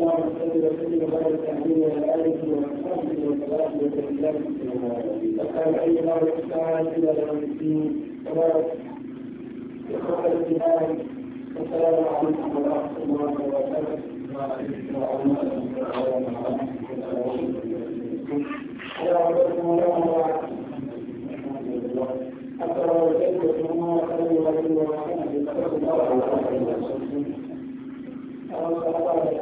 اللهم صل وسلم وبارك عليه وعلى اله وصحبه وسلم وسلم وقال اي بارك تعالى الى يوم الدين وبارك اخوه الايمان السلام عليكم ورحمه الله وبركاته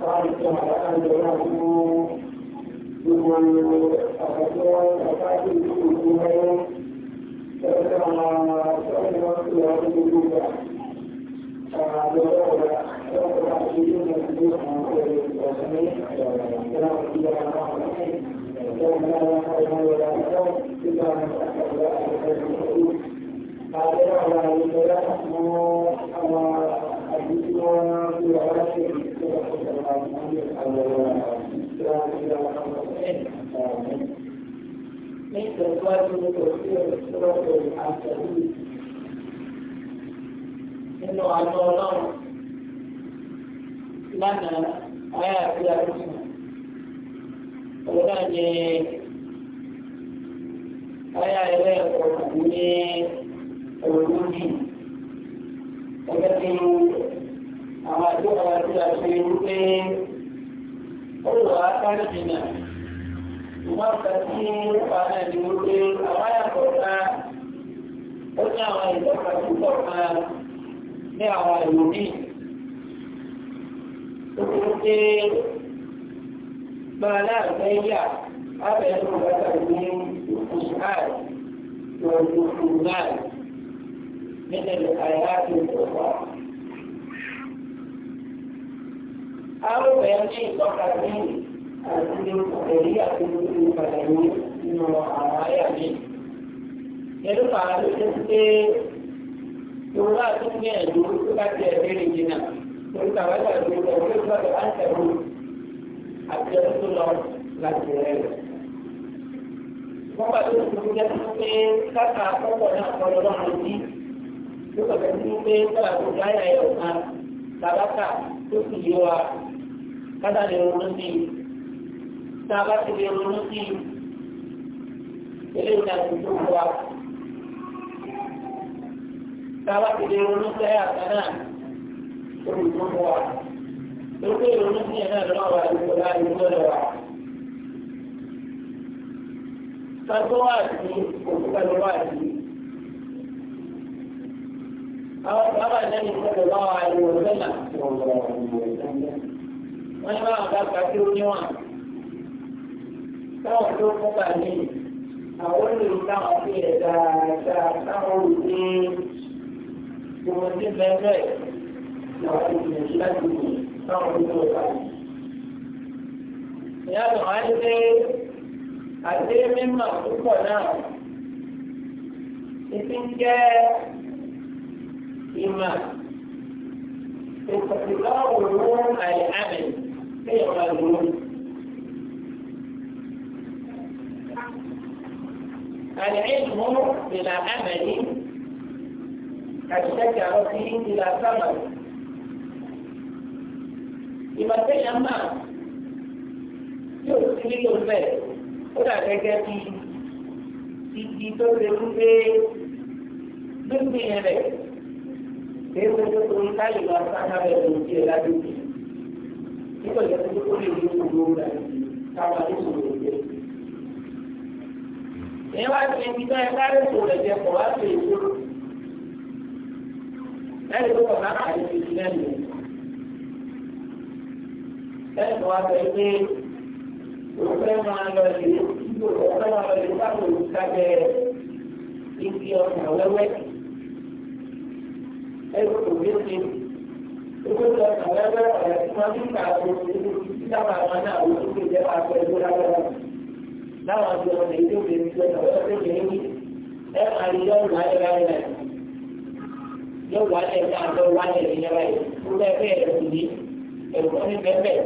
Aisyah akan yang yang من تزواج الكثير سورة العنكبوت إنه عن مولانا لنا آية في الرحمة ولكن آية إليه القرآنية الوجودية التي أعادوها إلى شيء ọwọ́ akáàdì náà ìwọ́n kan tí wọ́n náà ní wípé àwọn àyàkọ̀ kan ó ní àwọn ìjọba púpọ̀ kan ní àwọn ìròmí tó ti ń pé máa náà fẹ́ yà lábẹ́ tó bá tà ní oṣù náà lọ́dún oṣù náà nítorí àyà àti ìjọba. algo que han hecho también alguna teoría que no tiene para mí no hay a mí pero para los que yoga tun yẹ ẹdun tó bá tiẹ̀ léèrè jìnnà lórí kàwé kàwé lórí ọ̀rọ̀ ìgbà tó bá ń tẹ̀wọ́ àti ẹ̀rọ tó lọ láti rẹ̀ wa kádà lè ronú sí i tá a bá ti lè ronú sí i ilé ìjà tuntun wa tá a bá ti lè ronú sí ẹ̀yà kanáà olùkọ́ wa lókè ronú sí ẹ̀yà lọ́wọ́ wa ìgbò láti gbọ́dọ̀ wa. Kátó wà sí òkúta wà sí. Àwọn sábà lẹ́yìn gbọ́dọ̀ lọ́wọ́ àìwọ̀ lọ́nà. wọ́n ní báwọn àgbàgbà tí ó níwọ̀n táwọn tó kún bá ní àwọn olùdó táwọn fi ẹ̀ dáadáa táwọn olùdó gbogbo tí bẹ́ẹ̀ làwọn olùdó láti wù táwọn olùdó bá ní. ìyá àgbà máa ń dé àti mímọ̀ púpọ̀ náà ìfi ń jẹ́ ìmọ̀ ìfọ̀síláwò ló àìhámẹ́. العلم بلا عمل كالشجرة بلا ثمر إذا tẹ́yà máa yóò sí lílo bẹ́ẹ̀ ó dà gẹ́gẹ́ bí igi tó ṣe ń gbé gbígbìn rẹ̀ kí ó tó ń káyọ̀ lọ sáà rẹ̀ lòdì ẹ̀ ládùúgbò nígbà tí ó lè ní ìṣòro rẹ̀ káwa ní ìṣòro rẹ̀. Ẹ wá sí ibi náà ẹ bá rẹ̀ sọ̀rọ̀ rẹ̀ jẹ kọ̀ wá sí èso. Ẹni tó wà náà kàrí ti ti lẹ́nu. Ẹni tó wà sọ pé òun fẹ́ máa lọ lè kíkó òun máa lọ lè sábò sábẹ́ igi ọ̀sán wẹ́wẹ́. Ẹni tó kò gbé sí i. Gbogbo ìjọ ìkàwẹ́wẹ́ ọ̀rẹ́ tí wọ́n ti ń kà àwọn olùdókòwò títí láwọn àwọn náà wọ́n ti gbé ìjẹ́ pàṣẹ ìlú lágbára. Láwọn àti ọ̀nà ìdí òbí ti sọ ìjọba tó kéde ní ẹ máa rí yọ wà ní ráyé náà. Yóò wà ní ẹ̀ka àjọ wà ní ẹ̀yìn yẹn báyìí. Gbogbo ẹgbẹ́ ẹ̀rọ sì ní ẹ̀rọ kan ní bẹ́ẹ̀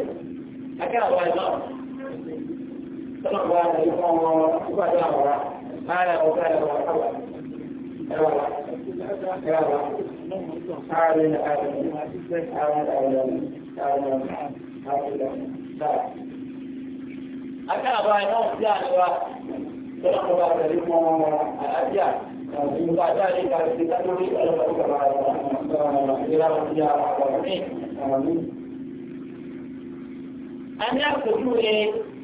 Akẹ́ àwọn àná. Sọ́nà wa ni ìfọ̀ wọn ìgbàdo àwọn wa. Máa ra ọ̀gá ẹ̀rọ wa. Ẹ̀rọ ààrẹ ààrẹ àṣìṣẹ́ ara ààrẹ ààrẹ ààrẹ dáa. Akáàbá iná sí àríwá tọ́lọ́pọ̀lá pẹ̀lú mọ́ àlàáfíà ìgbà jáde kàrí sí kátórí ọlọ́pàá ìlànà sí àwọn àkọ̀ọ̀mí. A ní àpòjú rẹ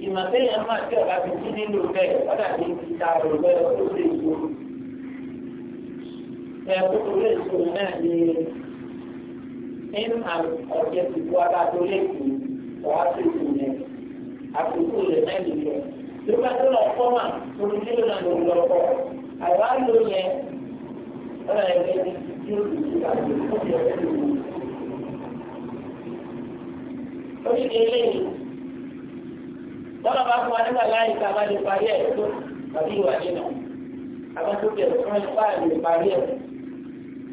ìmọ̀tẹ́yẹ̀ máa tí ọ̀gá ti sí nílò bẹ́ẹ̀, ọ̀dà ti ń ta ọ̀rọ̀ bẹ́ẹ̀ tó ṣe ìṣòro ẹ̀kúrú lè so náà ní in and ọ̀jẹ̀ ti kú ara tó lè kú ọ̀há sí ìlú yẹn àkókò rẹ̀ náà nìyẹn. tó bá tó lọ fọ́ mà orí nílò náà ló lọ fọ́ àwa ló yẹ ọ̀rọ̀ ẹ̀gbẹ́ ní tí ó ti àti ìfọ́jọ́ rẹ̀ ló wù. orí ni eléyìí tọ́lọ̀ bá fún wa nígbà láyé ká bá lè parí ẹ̀ tó tàbí ìwà nínú àbá tó bẹ̀rẹ̀ fún ẹ̀ bá parí ẹ̀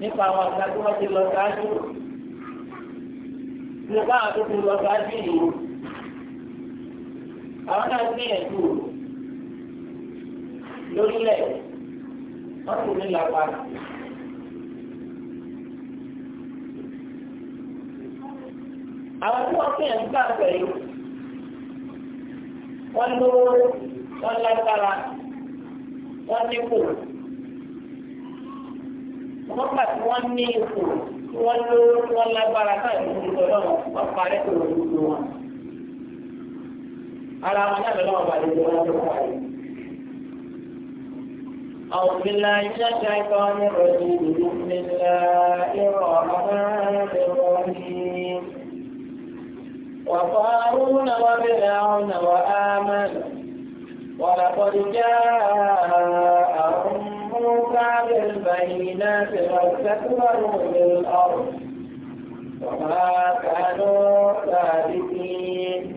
nípa àwọn àgbà tí wọ́n ti lọ sáájú nípa àwọn tó ti lọ sáájú yìí àwọn náà gbìyànjú lórílẹ̀ wọ́n sì ní làpá. àwọn tí wọ́n gbìyànjú gbà pẹ̀lú wọ́n lówó wọ́n lágbára wọ́n nípò nọ́mbà tí wọ́n ní ipò tí wọ́n ló wọ́n lágbára káàkiri ìtọ́lọ́ wọn parẹ́ kò lórí ìlú wọn. ara wọn náà lọ́wọ́ bàjẹ́ ìjọba tó parí. أعوذ بالله من الشيطان الرجيم بسم الله الرحمن الرحيم وقارون وفرعون وآمن ولقد جاءهم موسى بالبينات واستكبروا بالأرض وما كانوا ثابتين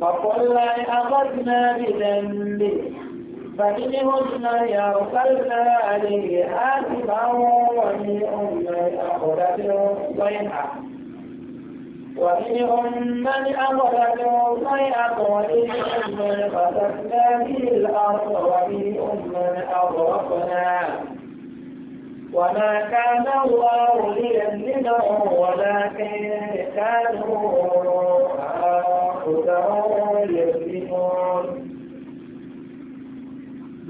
فكلا أخذنا بذنبه فمنهم من أرسلنا عليه حاسبا ومنهم من أخرجه صيحة ومنهم من أغلقوا صيحة ومنهم من خسفنا به الأرض ومنهم من أغرقنا وما كان الله ليذلهم ولكن كانوا أنفسهم يظلمون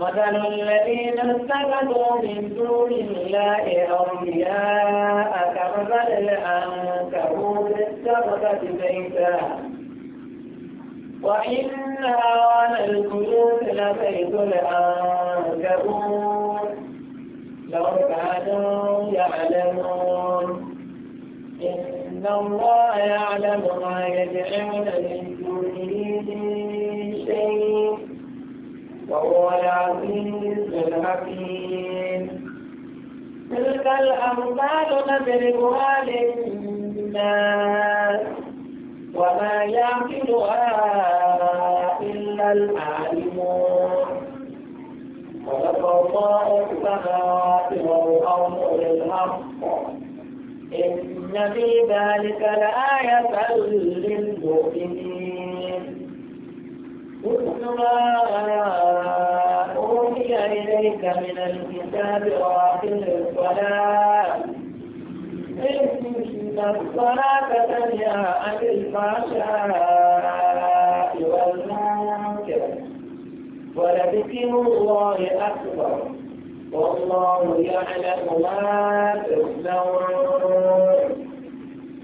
مثل الذين اتخذوا من دون الله أولياء كمثل العنكبوت اتخذت بيتا وإن أعوان البيوت لبيت العنكبوت لو كانوا يعلمون إن الله يعلم ما يدعون من دونه شيء وهو العزيز الحكيم تلك الأمثال نضربها للناس وما يعقلها إلا العالمون ولقد ضاعت السماوات والأرض بالحق إن في ذلك لآية للمؤمنين مثل ما أوحي إليك من الكتاب وأقم الصلاة إن الصلاة تنهى عن الفحشاء والمنكر ولذكر الله أكبر والله يعلم ما تصنعون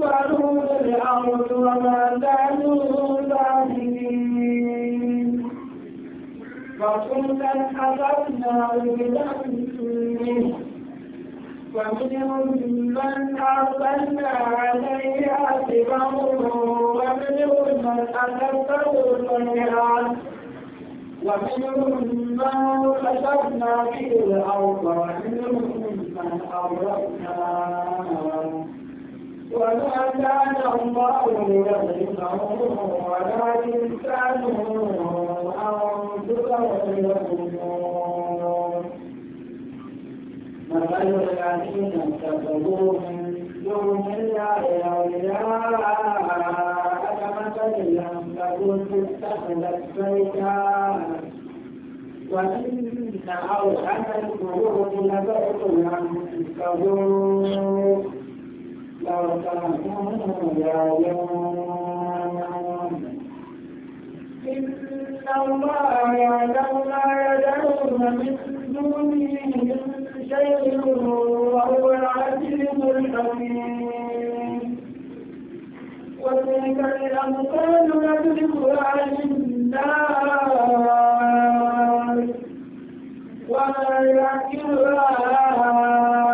تبعون الأرض وما كانوا ظالمين وكلا حفظنا بذنبه ومنهم من أرسلنا عليه حسبه ومنهم من أتته السيئات ومنهم من كشفنا به الأرض ومنهم من أورثنا وما كان الله يظلمهم ولكن كانوا أنفسهم يظلمون مثل الذين كفروا من دون الله أولياء كمثل العنكبوت اتخذت بيتا وإن أوحد القلوب لبيت العنكبوت لو كانوا يعلمون إن الله يعلم ما يدعون من دونه من شيء وهو العزيز الحكيم وتلك الأمثال نضربها للناس وما يعقلها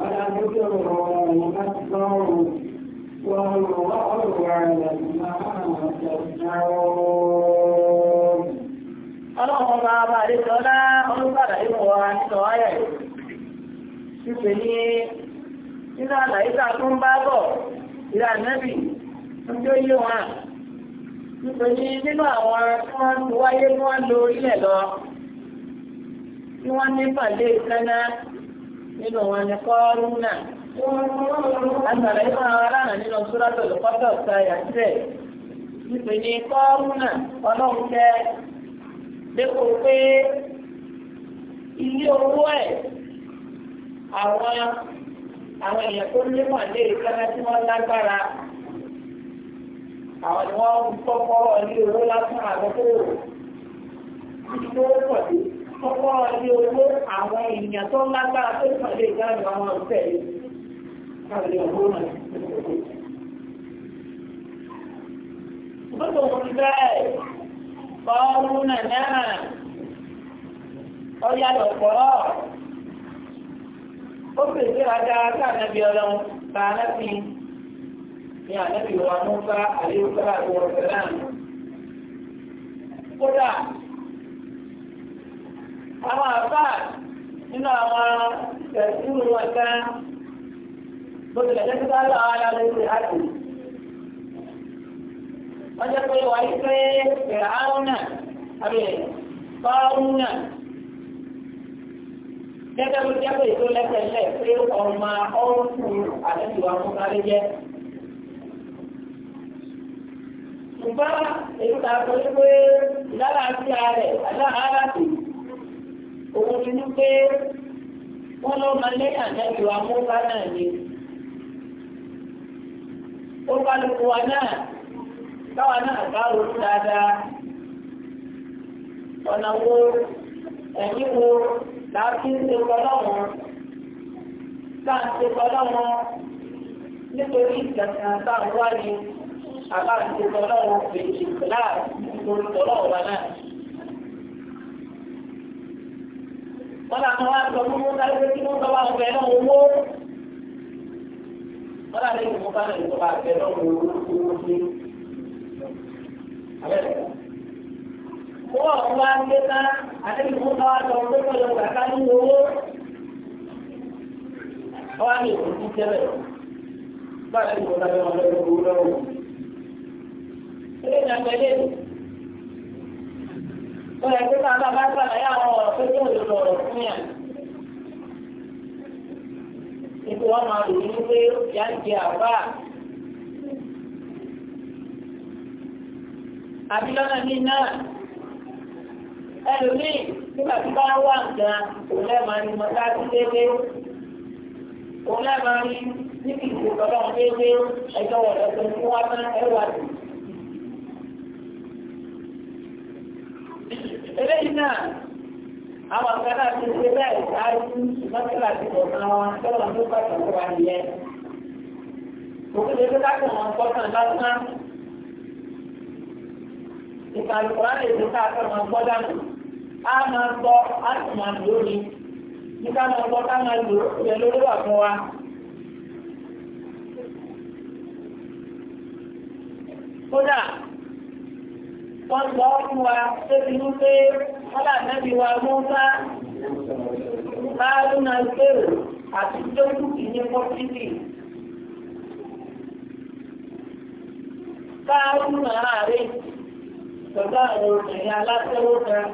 ولذكره أكبر والله ọrụ ọrụ ọrụ ọrụ ọrụ ọrụ ọrụ ọrụ ọrụ ọrụ ọrụ ọrụ ọrụ ọrụ ọrụ nínú àwọn wáyé wọ́n lo ilẹ̀ lọ, tí wọ́n ní pàdé nínú wọn ni kọ́ọ́rùnà àtàlẹ́ ìmọ̀ àwọn aláàrán nínú súrátò lùkọ́tọ̀ sáyà tẹ̀ nípe ní kọ́ọ́rùnà ọlọ́run tẹ́ dépò pé ilé owó ẹ̀ àwọn àwọn èèyàn tó ní mọ̀lẹ́ ìkànnà tí wọ́n lágbára àwọn ni wọ́n kọ́kọ́ ilé owó lásán àgbẹ̀kọ́ òòrùn títí pọ̀ sí ọkọ̀ ilé owó àwọn èèyàn tó lágbára tó ìpàdé ìdáàbò àwọn ọ̀sẹ̀ káàlẹ̀ owó náà. Gbogbo òun náà náà ọ yàtọ̀ pọ̀ ó pèsè àga àwọn àbáà nínú àwọn ẹ̀sùn wọn kan bó tilẹ̀ jẹ́ títí àwọn aláwọ̀ ẹ̀sìn àti. wọ́n jẹ́ pé wọ́n yí pé ìrà áwọn náà àbí fáwọn náà gẹ́gẹ́ bí jẹ́ pé ètò lẹ́sẹ̀lẹ̀ pé ọmọ ọ̀rùn àlejò amúkálé jẹ́. ṣùgbọ́n èyí ta sọ pé lára sí ààrẹ àdáhàrá sí òun ti ní pé wọ́n lọ máa lẹ́yìn àtẹ́jú amúgbá náà ni ó bá lóko wa náà káwa náà bá ro dáadáa ọ̀nà wo ẹ̀mí wo làá fi ń ṣe kọ́lọ́ wọn táà ń ṣe kọ́lọ́ wọn nítorí ìgbàgbọ́n táà ń wá àbá ń ṣe wọn fèjì tọ́lọ́ náà. kọ́lá kan wá sọ fún mọ́tà lórí tí wọ́n sọ wá ọ̀fẹ́ náà owó. kọ́lá lẹ́yìn mọ́tà lẹ́yìn sọ wá ọ̀fẹ́ náà owó owó sí. Owó ọ̀hún wá ń gbé tán, àtẹ́yìn mọ́tà wá sọ pé kọ́lá ọ̀gbà ká ní owó. Wọ́n á ní òkú tí tẹ́lẹ̀. Báyọ̀ ní mọ́tà lẹ́yìn mọ́tà lẹ́yìn owó lọ́wọ́. Ilé ìdàgbẹ́ lẹ́yìn ó ní pé ìyá ní náà, tí bá wà nǹkan òun lẹ́ẹ̀ ní mọ́tá sí déédéé. Òun lẹ́ẹ̀ máa ní níbi ìgbòkọ̀lọ́ déédéé ẹjọ́ wọ̀lọ́sọ̀ fún wa náà ẹwà sí. eléyìí náà àwọn akẹ́lá ti ṣe bẹ́ẹ̀ ṣáájú mọ́tàlá ti bọ̀ náà wọn tọ́lọ̀ ní bàtà tó wà nìyẹn. Òkú lè fi káàkiri wọn gbọ́kàn lásán. Ìkàlùkọ́ á lè fi káàkiri wọn gbọ́ dànù. Á máa gbọ́ á sì Kódà wọ́n lọ fún wa débi wípé ọlá nẹ́bí wa mọ́sá láàrúnà gbèrò àti tókù ìyẹn pọ́sítì. Láàrúnà àárẹ̀ pẹ̀lú àwọn obìnrin aláṣẹ́wó kan.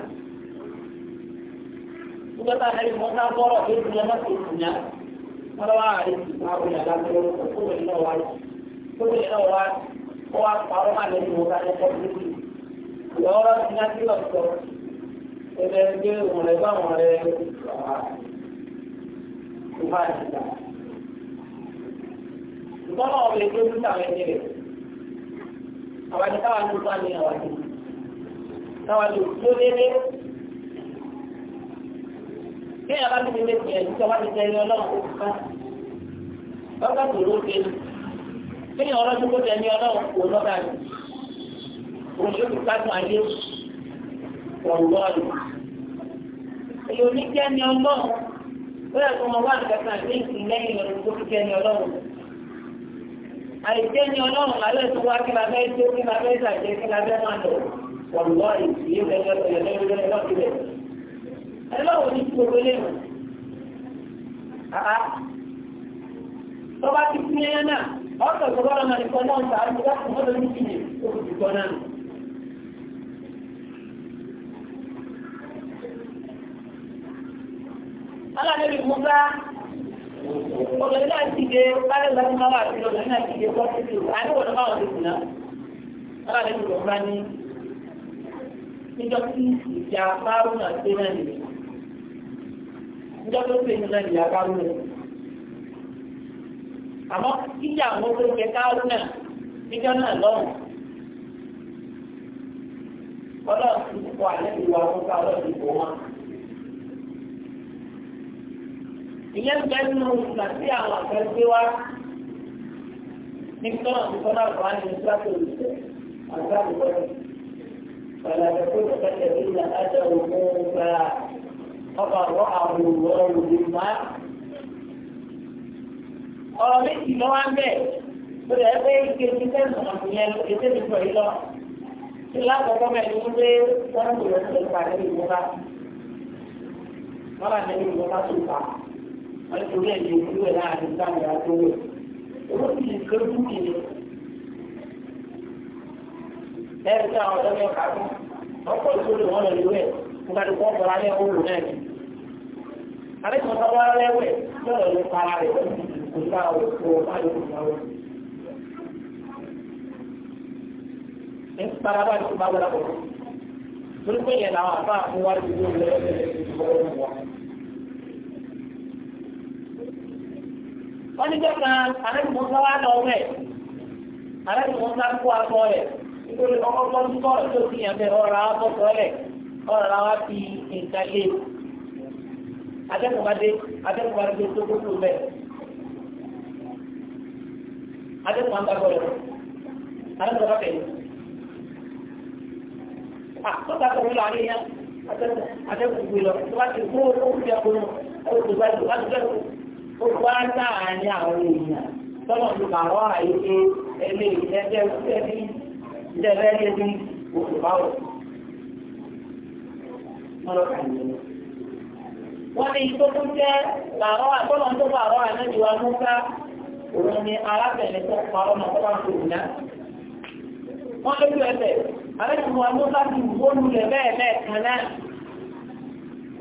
Nígbàtà nẹ́bí mọ́sá bọ́rọ̀ tó ti yẹn mọ́sí ìsìnyá. Wọ́n lọ́wọ́ àárẹ̀ ìsìnkú àwọn aláṣẹ́wó kan kó lè náà wá. Kó lè náà wá. Ó wá pa ọmọ àlejò wọn ká lẹ́kọ̀ọ́ lọ́wọ́ láti ní akílọ̀ sọ ẹgbẹ́ ẹgbẹ́ òun rẹ̀ bá wọn rẹ̀ ìfà ìgbà. Ìtọ́nà ọ̀bẹ tó ń sàwọn ẹni rẹ̀. Àwàdí táwa ní ìfà ní àwàdí. Táwa ní òkú délé. Bí ẹ̀yà bá ti délé tiẹ̀ ní sọ wá ti tẹ̀lé ọlọ́run tó fún un. Lọ́gbà tó ló dé. Bí ẹ̀yà ọlọ́dún tó tẹ̀lé ọlọ́run kò lọ́gbà yìí òṣèlú kánú ayé ọ̀gbọ́ọ̀lù. Èyí ní jẹ́ ni ọlọ́run, ó yẹ kó mọ wá nǹkan àti ìsìn lẹ́yìn ọdún tó fi jẹ́ ni ọlọ́run. Àìjẹ́ ni ọlọ́run lálẹ́ tó wá kí la fẹ́ jó kí la fẹ́ ṣàjẹ́ kí la fẹ́ máa lọ. Ọ̀gbọ́ ìdílé lẹ́yìn ọ̀sẹ̀ lẹ́yìn lẹ́yìn lọ́sí rẹ̀. Ẹlọ́run ní gbogbo léwu. Tọ́ba ti fi ẹyẹ náà, ọ̀sẹ̀ tó bá lọ́mọ nìkan náà ń ta àdúgbò láti mọ́tò ní kìnnìkan ó ti tọ́ náà. Musa obìnrin náà ti dé báyọ̀ lọ́dún máa wà sí obìnrin náà ti dé àníwọ̀n náà wọ́n ti sùn àti ìgbọ̀n bá ní níjọ́ tí ìjà márùn náà dé níjọ́ tó pè ní náà nìyà àmọ́ ìjà àwọn ọlọ́run ti kọ àlẹ́ ìwà ọkọ̀ ọlọ́run ti kọ wọn. ìyẹn bẹ́ẹ̀ nínú ìgbà tí àwọn àgbẹ̀ gbé wá ní tọ́nà tó tọ́nà àgbà ní ìgbàgbọ́ ìṣẹ́ àgbà ìgbàgbọ́ فلا تكون كالذين أتوا موسى فبرأه الله مما ọ̀rọ̀ méjì ló wá ń bẹ̀ ó lè ẹgbẹ́ ike ti sẹ́nu àfihàn ètò ìfọ̀ yìí lọ sí lákòókò mẹ́rin ń gbé wọ́n ń gbèrò wọ́n bá ní nítorí ẹ̀yìn òkú ẹ̀ láàrin táwọn àtọwọ́ owó sì lè kéré fún mi. ẹ̀rí tí àwọn ọ̀dọ́ mẹ́ta kú ọkọ̀ ìṣòro wọn lọ lówẹ̀ nígbà tó kọ́ ọ̀pọ̀ alẹ́ òwò náà ni. alẹ́ tí wọ́n sọ wọ́n ló para rẹ̀ bá kó bá wọ́n ní jẹ́ka arábìmọ́sá wà lọ rẹ̀ arábìmọ́sá kó akọ rẹ̀ nítorí ọkọ̀ tó ń kọ́ tó ti yàn bẹ́ẹ̀ ọ̀rọ̀ àwọn bọ́sọ̀ rẹ̀ ọ̀rọ̀ àwọn fi nǹkan lé adẹ́kùnmadé adẹ́kùnmadé tó kókó bẹ́ẹ̀ adẹ́kùnmadé rẹ̀ adẹ́kùnmadé rẹ̀ àtọ́ta tó ń lọ àríyá adẹ́kùnmadé lọ tó bá ti kó oúnjẹ kó oúnjẹ kó oúnjẹ kó oúnjẹ ó wá láàárín àwọn èèyàn tọ́lọ̀ ti pàrọ̀ àyè pé ẹgbẹ́ ìtẹ́jẹ́ ẹbí ìtẹ́jẹ́ ẹbí oṣù báwọ̀. Wọ́n ní tó tún jẹ́ pàrọ̀ àtọ́lọ̀ tó pàrọ̀ ànájú wa mú ká òun ni arábìnrin tó pàrọ̀ mọ́ tó bá ń tòun náà. Wọ́n lójú ẹsẹ̀, àrẹ́kùnrin wa mú bá ti wọ́n lulẹ̀ bẹ́ẹ̀ bẹ́ẹ̀ kan náà.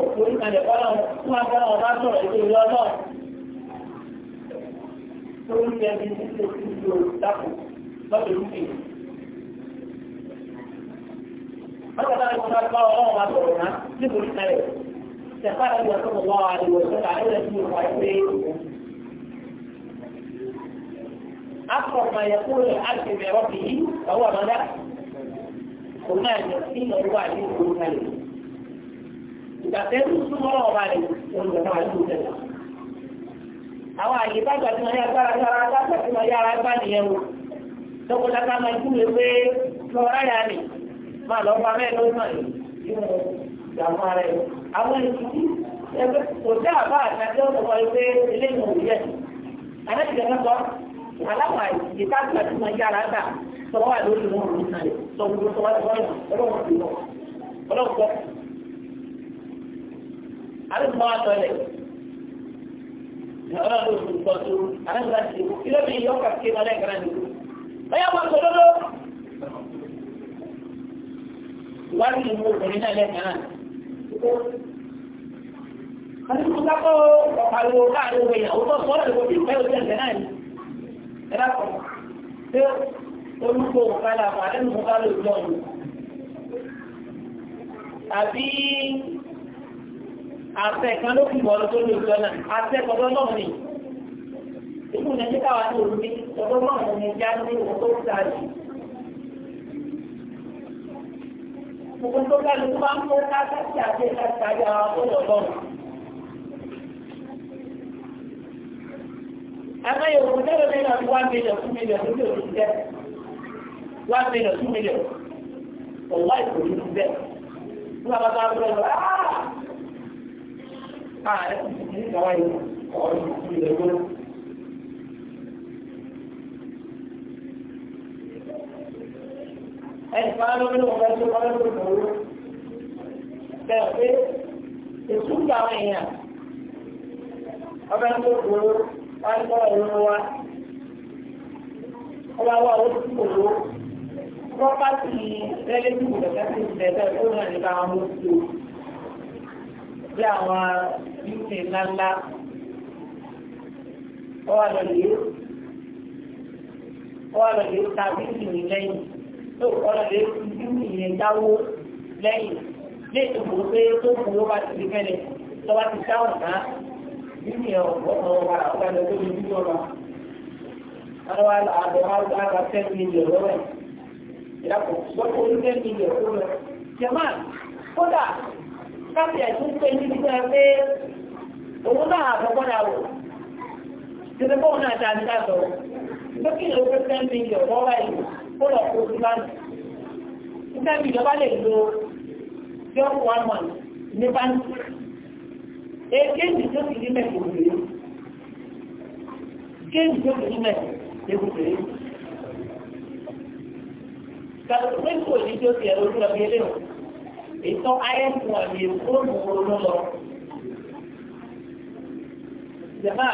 Òkú ìkànnì ọlọ́run fún agbára ọba sọ̀rọ̀ ìgbèrè ọlọ́run tó ń bẹ ní títí òkú ìlú dákò lọ́dọ̀ lókè. Bákanáà ni mo máa bá ọlọ́run wa sọ̀rọ̀ náà níbo ní kalẹ̀. Ṣẹ̀fá àti ìwọ̀n tó mọ̀ wá àdìwọ̀ sọ́dà ayẹyẹ tí mo wà pé أقرب ما يكون العبد من ربه فهو ماذا؟ وما يكفيه هو عزيز الملك. إذا كان يوسف وراء مالك يقول له عزيز الملك. àwọn àyè tí wọ́n yá agbára gbára tágbà tí wọ́n yá ara o máa kú lè pé ya yà máa lọ́ fún amẹ́ ló sàn àwọn ìdíjí ẹgbẹ́ kò dá àbá àtàkì ọ̀sọ̀ wọ́n pé eléyìí ò yẹ àlẹ́tìkẹ́ mẹ́kọ́ aláwọ̀ tí wọ́n wà lórí wọn ọlọ́run ló ti pọ̀ tó àlejò àti ìdìbò kí ló fi yọ ọkà kí lọ́lẹ́ ìgbà nìkú. ọyá wọn sọ lọ́dọ́. ìwádìí ìlú obìnrin náà lẹ́ẹ̀kan náà. àti kò sápọ̀ ọ̀pàlọ́ láàrin òwe ìyàwó tó sọ ọ́nà ìwé ìfẹ́ òjò ẹ̀sẹ̀ náà ni. ẹ dákọ̀ pé olùkọ́ òkàlà àfàlẹ́ nìkan bá lò lọ́ọ̀nù. àbí àṣẹ kan ló fi bọ̀ lójú ìjọ náà àṣẹ kọ̀dọ̀ náà ni ìlú nàìjíríà wà ní òní kọ̀dọ̀ náà ni ìjà ní òun tó ta jù. gbogbo tó dájú tó bá ń kó káṣá sí àṣẹ káṣá yà wá ó lọ lọ́rùn. àmọ́ yòókù tẹ́lẹ̀ mi náà wá mílíọ̀n fún mílíọ̀n lórí òní jẹ́ wá mílíọ̀n fún mílíọ̀n ọ̀wá ìkòlù bẹ́ẹ̀. Ah! ààrẹ nípa wáyé ọ̀rọ̀ ìpínlẹ̀ gbọ́dọ̀. ẹni kan ló ní ọ̀gá tó wọ́n lọ́dún ìgbòho bẹ́ẹ̀ pé ètò ìgbà àwọn èèyàn ọba tó gbòho wọ́n kọ́ ìlú wa ọba wa ó ti gbòho pọ́pátì rẹ́lẹ́tìmù lọ́sẹ̀ tó ń bẹ̀rẹ̀ tó ń rìn nípa àwọn ọmọ òṣèlú bí àwọn níṣẹ́ ńláńlá ọwọ́ àlọ́lẹ̀ yóò ọwọ́ àlọ́lẹ̀ yóò ta bíbí mi lẹ́yìn tó ọlọ́lẹ̀ yóò fi bíbí yẹn dáwó lẹ́yìn ní ìtòkò pé tó kù ló bá ti di fẹ́lẹ̀ tó bá ti dáhùn náà bíbí yẹn ọ̀pọ̀ ọ̀pọ̀ ọ̀pọ̀ ọ̀pọ̀ ọ̀pọ̀ ọ̀pọ̀ ọ̀pọ̀ àwọn àgbà àgbà ten million lọ́wọ́ ẹ̀ ìyàpọ̀ gbọ́dọ̀ orí ten million kó lọ jẹ̀máà kódà káfí ẹ̀sùn pé níbi tó ẹ pé òun náà àbọ̀gbọ́dà wò títí fóun náà ta ní káàtọ̀ lókìlẹ̀ ó pé ten million wọ́n wáyé kó lọ kó sí báńkì ten million bá lè lo just one month ní báńkì èkéjì tó ti rí mẹ́kì òkèrè kéjì tó ti rí mẹ́kì òkèrè kàtó pé kò ní tó ti ẹ̀rọ ojú ọbẹ̀ eléwọ̀n ìtọ́ ayẹ́sì wọn ni gburugburu olóró lọ. Jẹ̀má,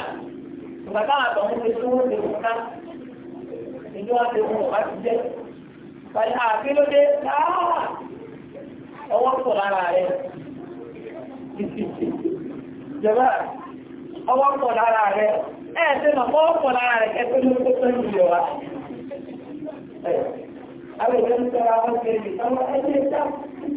ìgbà táwọn àtọ̀hún ti tún ó lè wọ́n ká. Ìjọ wa ti jẹ́. Bàyá àfi ló dé láà. Ọwọ́ pọ̀ lára rẹ̀. Jẹ̀má, ọwọ́ pọ̀ lára rẹ̀. Ẹ Àwọn ìwé ń sọ àwọn ìgbèrè ìtọ́wọ́ ẹgbẹ́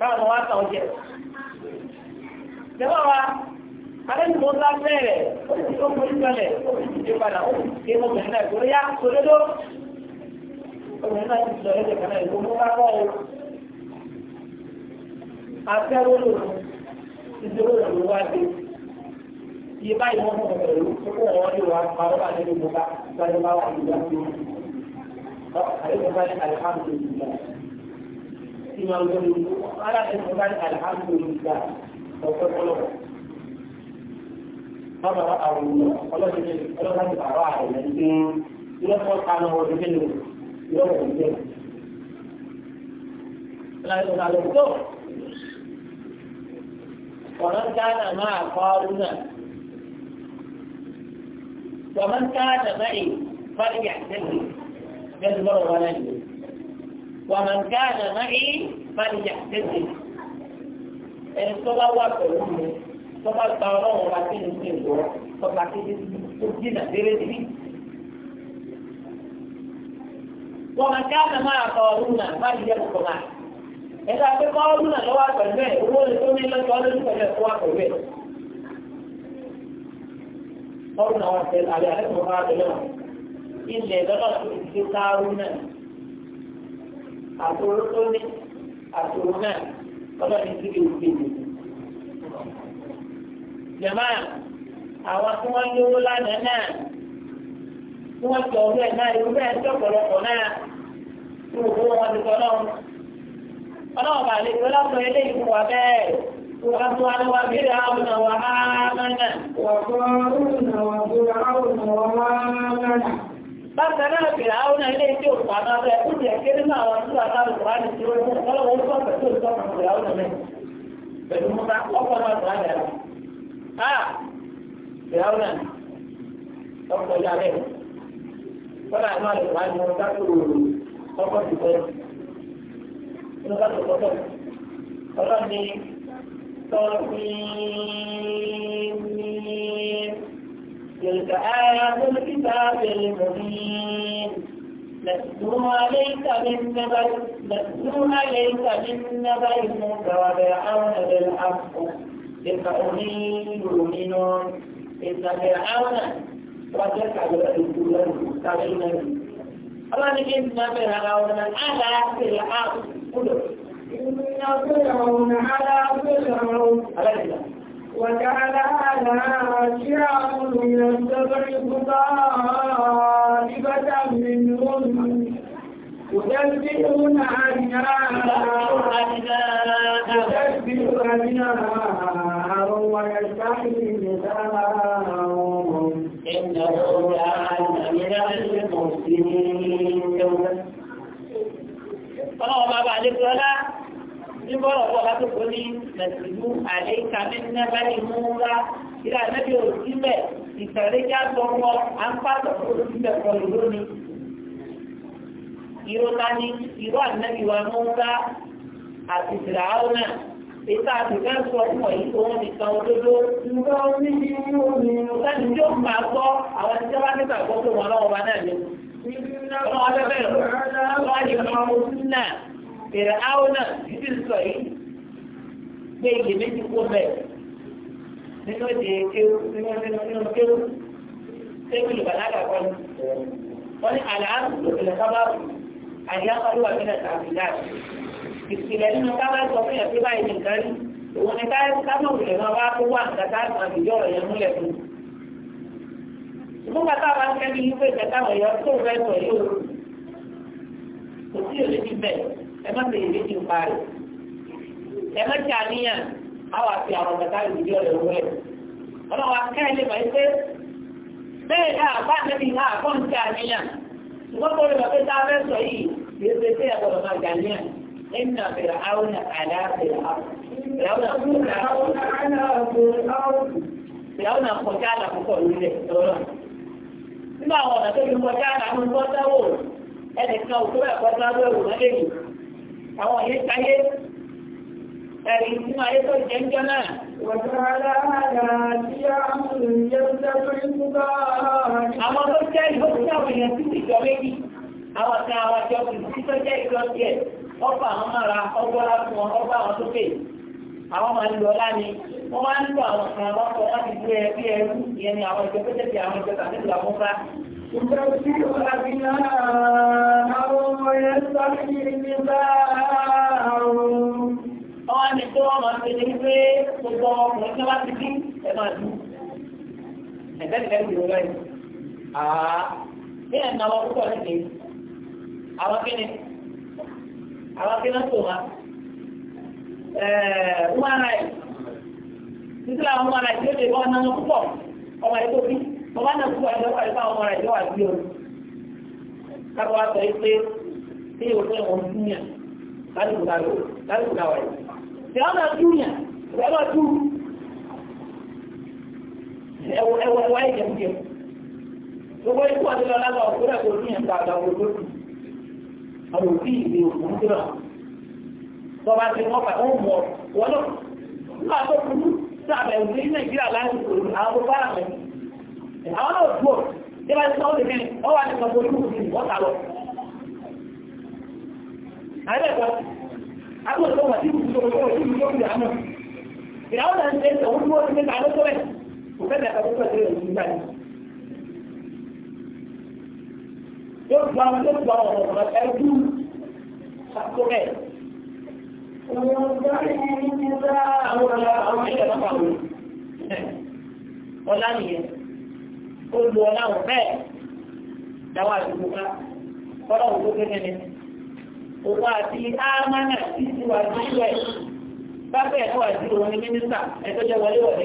káwọn wá tàn jẹ. Ìjọba wa, àdéhùn tó ń bá bẹ̀rẹ̀, ó ti tó forí kalẹ̀, ó ti dìde padà, ó ti dìde obìnrin náà torí yá sódódó. Obìnrin náà ti sọ̀rọ̀ ẹ̀jẹ̀ kan náà ìlú mú kákọ́ o. Afẹ́rú lò ó, ìdúró lò ó wá dé. Iye báyìí wọ́n mú ọ̀rọ̀ pẹ̀lú kókó wọn ní wa pa ọ́ bá nínú gbogbo bá gbàdúrà wà nígbà tó. Àdéhùn bá ní àlẹ́ tí máa ń gbé mi ara ẹni tó bá ní alhamdulillah ọ̀pọ̀ ọlọ́wọ́. Bábà wá àwọn ọlọ́dún ní ọlọ́dún ní bàbá rẹ̀ lẹ́yìn pé ìrọ́pọ̀ kanú ọdún nínú ìrọ́pọ̀ ìjẹ́. Láìpẹ́ náà lọ tó. Ọ̀nà Gánà máa kọ́ ọdún náà. Wọ̀mọ̀ Gánà máa ì fọ́lì yà sẹ́yìn. Bẹ́ẹ̀ni bọ́lọ̀ wọn náà nìyẹn. ومن كان معي فليحتسب ẹni tó bá wà pẹ̀lú mi tó bá gba ọlọ́run wa sí ní ìgbò tó bá kéde tó jìnà délé níbí. wọ́n ká ní máa kọ ọdún náà má lè yẹ̀wò kọ́má. ẹ̀ka pé kọ́ ọdún náà lọ́wọ́ pẹ̀lú ẹ̀ owó lè tó ní lọ́jọ́ ọdún pẹ̀lú ẹ̀kọ́ wà pẹ̀lú ọdún náà wà pẹ̀lú àlẹ́ àlẹ́ tó máa bẹ̀rẹ̀ àtòrò tó ní àtòrò náà lọ́dọ̀ ní kí lè gbé mi. Jàmá àwọn tí wọ́n lówó lánàá náà tí wọ́n jọ bẹ́ẹ̀ náà irú bẹ́ẹ̀ tí ọ̀pọ̀lọpọ̀ náà tí òkú wọn ti kọ́ náà. Ọlọ́run bá lè gbọ́dọ̀ sọ eléyìí fún wa bẹ́ẹ̀. وأموال وفرعون وهامان وقارون وفرعون وهامان bákan ọkọ̀ náà tó wà ní ní تلك آيات الكتاب المبين نتلو عليك من نبأ نتلو عليك من نبأ موسى وفرعون بالحق تلك أمين يؤمنون إن فرعون وتلك الرسول نجد إن فرعون على في الحق كله إن فرعون على في الأرض وجعلها ناشعة من السبع طائفة منهم يدبرون أبناءهم يدبر أبناءهم ويستحيي نساءهم إنه كان من المسلمين. Ọlọ́run bàbá àdékọ́lá ní bọ́ọ̀rọ̀ bọ̀ látòkó ní mẹ̀sìlú àléékà mẹ́ta báyìí mú wá ìlà nẹ́bí ò síbẹ̀ ìtàlẹ́jà gbọ́ngbọ́ à ń pàtó kó síbẹ̀ kọlù lónìí. ìrora ni ìró ànẹ́bí wa mú wá àti ìsìláwó náà ìta àtìká sọ fún ọ̀yí òun nìkan òdodo nígbà oníbi omi láti tí ó máa gbọ́ àwọn tí wọ́n bá nígbà gbọ́ tó wọn lọ́wọ́ wa náà ni. Ọlọ́run ọlọ́bẹ̀rẹ̀ ọlọ́run ọlọ́run náà bẹ̀rẹ̀ áwọn náà títí sọ yìí gbé ìgbè méjì kó bẹ̀ nínú èdè kéwù nínú nínú nínú kéwù kéwù lè bàlá àgbà wọn wọn ní àlàáfù lòkèlè kábàbù àyàkọlù wà nínú àtàkùnlá ìpìlẹ̀ nínú kábàbù ọ̀fẹ́ yẹn pé báyìí nìkan rí òun ni kábàbù lè máa wá kó wà nǹkan káàkiri àbíjọ́ ọ̀rọ̀ yẹn múlẹ̀ fún un nígbà táwa ń kẹ́ni wípé ìjẹta àwọn èèyàn ẹ má tẹ̀lé méjì ń parí ẹ tẹ àníyàn àwọn àti àwọn ọ̀gá táwọn ìdílé ọ̀rẹ́ òun rẹ̀ ọlọ́wọ́ ma máa ń pé bẹ́ẹ̀ náà bá nẹ́bí náà kọ́ àníyàn ṣùgbọ́n mo rí lọ pé sọ yìí yóò ṣe kọjá àlà púpọ̀ nínú àwọn ọ̀nà tó fi kọjá àlà òkú ẹ̀kọ́ àwọn yẹn táyé ẹ̀rí tí máa yẹ́ tó jẹ́ ń jọ náà. Àwọn tó jẹ́ ìlú sí ìjọ méjì, àwọn tí àwọn àjọ kì sí tó jẹ́ ìjọ tiẹ̀, ọ̀pọ̀ àwọn mara ọgbọ́lá fún wọn, ọgbọ́ àwọn tó pè. Àwọn máa ń lọ láni, wọ́n máa ń lọ àwọn kan àwọn ìjọ pẹ́tẹ́tì يكفر أبناءهم ويستحيي نساءهم Àwọn ẹni tó wọ́n máa ń tẹ̀lé pé gbogbo ọkùnrin tí wọ́n ti bí ẹ máa dùn. Ẹ̀fẹ́ ìfẹ́ ìlú rẹ̀. Àá bí ẹ̀ náwó púpọ̀ nìkan. Àwọn kíni? Àwọn kíni tó wá? Ẹ̀ẹ́ wúmọ̀ náà yìí. Títí làwọn wúmọ̀ náà yìí ló lè bọ́ ọ̀nà púpọ̀ ọmọ ẹ̀kọ́ bí. bàbá náà kú ẹ̀rọ ẹ̀rọ ẹ̀ka ọmọ rẹ̀ yóò wá sí o káwọn wá sọ pé tí yóò fẹ́ wọn dúnyà láti kúta yìí tí wọn náà dúnyà ìgbà náà ẹwọ ẹwọ ẹwọ ayé jẹmújẹ gbogbo ikú àti lọ lágbà òkú rẹ kò dúnyà nípa àgbà òkú lókù àwọn òbí ìlú òkú ń dúrà bọba ti wọn fà wọn mọ wọn lọ wọn àtọkùnú sábẹ òkú àwọn náà gbò tí bá ti sọ mẹ́rin ó wà ní ọmọ olúkú sí ìwọ́ta lọ. àìbẹ̀kọ́ agbóòtó wà sí ìwúlò gba ó lo ọláwọ̀ bẹ́ẹ̀ dáwọ́ àdúgbò ká fọ́lọ́wọ́ tó kéde ni òkú àti ámánà tí ti wà ní ilẹ̀ bábẹ́ ẹ̀kọ́ àti òun ní mínísítà ẹ̀tọ́ jẹ́ wọlé wọlé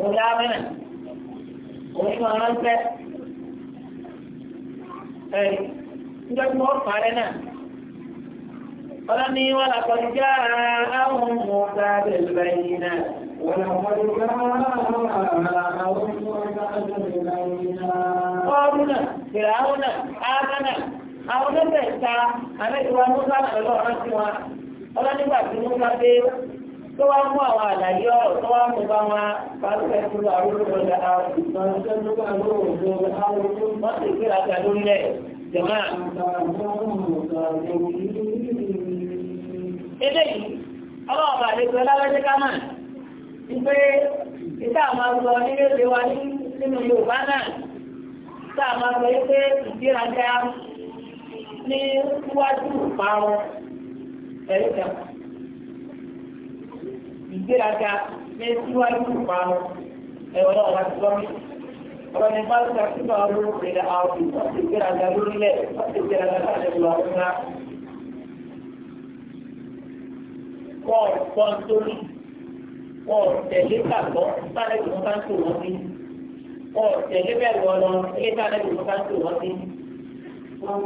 òun ní ámánà òun ní wọn ránṣẹ́ ẹ̀ níjọ́ tí wọ́n fà rẹ̀ náà ọlọ́ni wọn làkọ̀ọ́jà àwọn ọmọ ọ̀gá bẹ̀rẹ̀ báyìí náà. ولقد قارون فرعون آمن ká máa wípé ìta máa lọ nílé ìwé wa nínú Yorùbá náà ìta máa lọ wípé ìgbéraga ní wájú ìparun ẹ̀rí kan ní síwájú ìparun ẹ̀rọ náà wá ti ọ̀rọ̀ ní báyìí ká sí máa lọ ìrìn àwọn ìgbésẹ̀ lórílẹ̀ ìgbésẹ̀ láti lọ ọ̀rọ̀ náà. Wọ́n sọ wọn gbàgbọ́ sáré tó bá ń tò wọn sí wọn tẹ̀lé bẹ́ẹ̀ ilé sáré tó bá ń tò wọn sí. wọn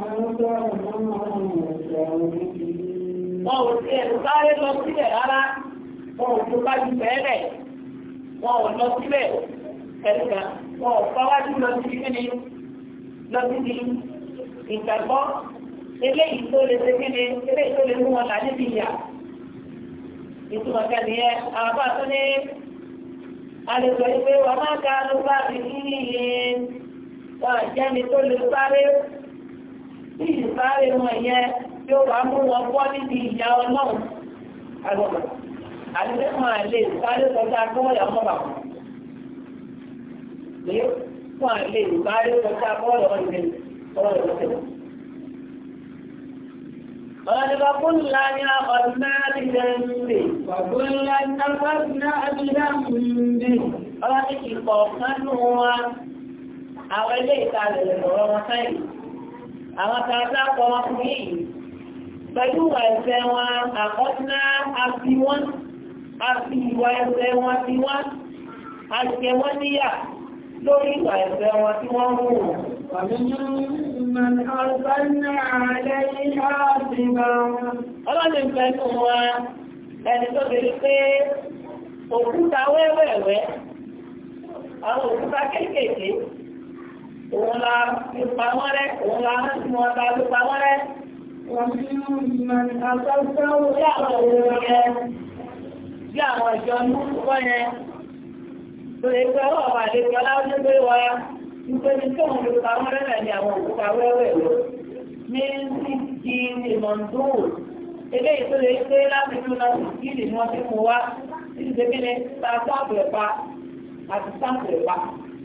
ò sí ẹ̀rù sáré lọ sílẹ̀ rárá wọn ò tó bá ju bẹ́ẹ̀ bẹ́ẹ̀ ò lọ síbẹ̀ ẹ̀rù kan ò fọwájú lọ sí kíni lọ sí ti ìgbàgbọ́ eléyìí tó lè ṣe kíni eléyìí tó lè mú wọn là níbi ìyá ìtumọ̀ kẹ́ni yẹn àbá tó ní alẹ́sọ̀ yìí pé wọ́n máa ka ló bá mi kí yìnyín wọ́n jẹ́ni tó lè sáré tí ìsáré wọn yẹn yóò wá mú wọn bọ́ níbi ìyá ọlọ́run agbọ̀gbà àdúgbò wọn lè sáré kọjá bọ́ọ̀lù ọmọbà wọn. Èyí wọn lè sáré kọjá bọ́ọ̀lù ọmọbà wọn. قال فكلا أخذنا بذنبه فكلا أخذنا بذنبه قال إخفاقا هو àwọn ilé ìtàlẹ̀ lọ̀rọ̀ wọn sáyì àwọn tààtà pọ̀ wọn fún yìí pẹ̀lú ẹ̀fẹ́ wọn àkọ́síná àti wọ́n àti ìwà ẹ̀fẹ́ wọn tí wọ́n àti ẹ̀wọ́n níyà lórí ìwà ẹ̀fẹ́ wọn tí wọ́n mú wọn Ọlọ́dún òkúta wẹ́wẹ̀wẹ́, àwọn òkúta kéékèèké, òun la nípa wọ́n rẹ̀, òun la rántí wọn ta nípa wọ́n rẹ̀. bí àwọn ìjọ ní wọ́n yẹn, tó lè pẹ́ ọ̀pàá lè pẹ́ láwọn nítorí tí òun ló pa wẹ́rẹ́ ní àwọn òkúta wẹ́wẹ́ lọ ní ti di ìmọ̀ndóòlù eléyìí tó lè pé láti tún láti kí ni wọ́n ti mú wá títí dé kíni ta sáàpù ẹ̀pa àti sáàpù ẹ̀pa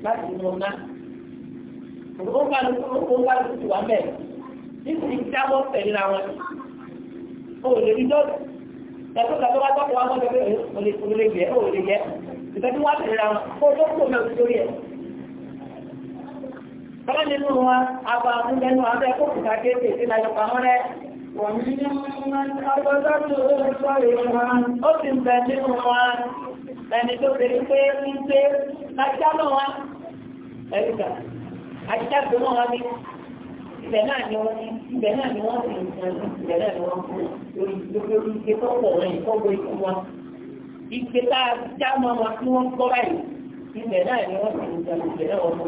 láti mú ná. Òkú ń kálukú òkú ń kálukú ti wà mẹ́ẹ̀ nítorí jábọ̀ pẹ̀lú àwọn o lè rí dọ́ọ̀dù ẹ̀kọ́ kan tó tọ́kọ̀ wá mọ́tò pé o lè gbẹ o lè yẹ ìtọ́jú wá pẹ̀lú àwọn kó tó kó o Bọ́lá nínú wọn, àbá àtúndẹnu abẹ́ kòkùtà kéèkèé sí láyọ̀ pàmọ́ rẹ̀. Wọ̀n ní ó ti ń bẹ nínú wọn, ẹni tó ṣe pé ń pé lájálò wọn. Ẹ̀rùkà, àjíjá tó mọ́ wọn ní ibẹ̀ náà ni wọ́n ibẹ̀ náà ni wọ́n ti ń sọ ibẹ̀ náà ni wọ́n kú lórí lórí ike tó pọ̀ rẹ̀ ìkọ́gbọ́ ikú wọn. Ike tá a já mọ́ wọn tí wọ́n kọ́ báyìí, ibẹ̀ náà ni wọ́n ti ń sọ ibẹ̀ náà wọ́n kú.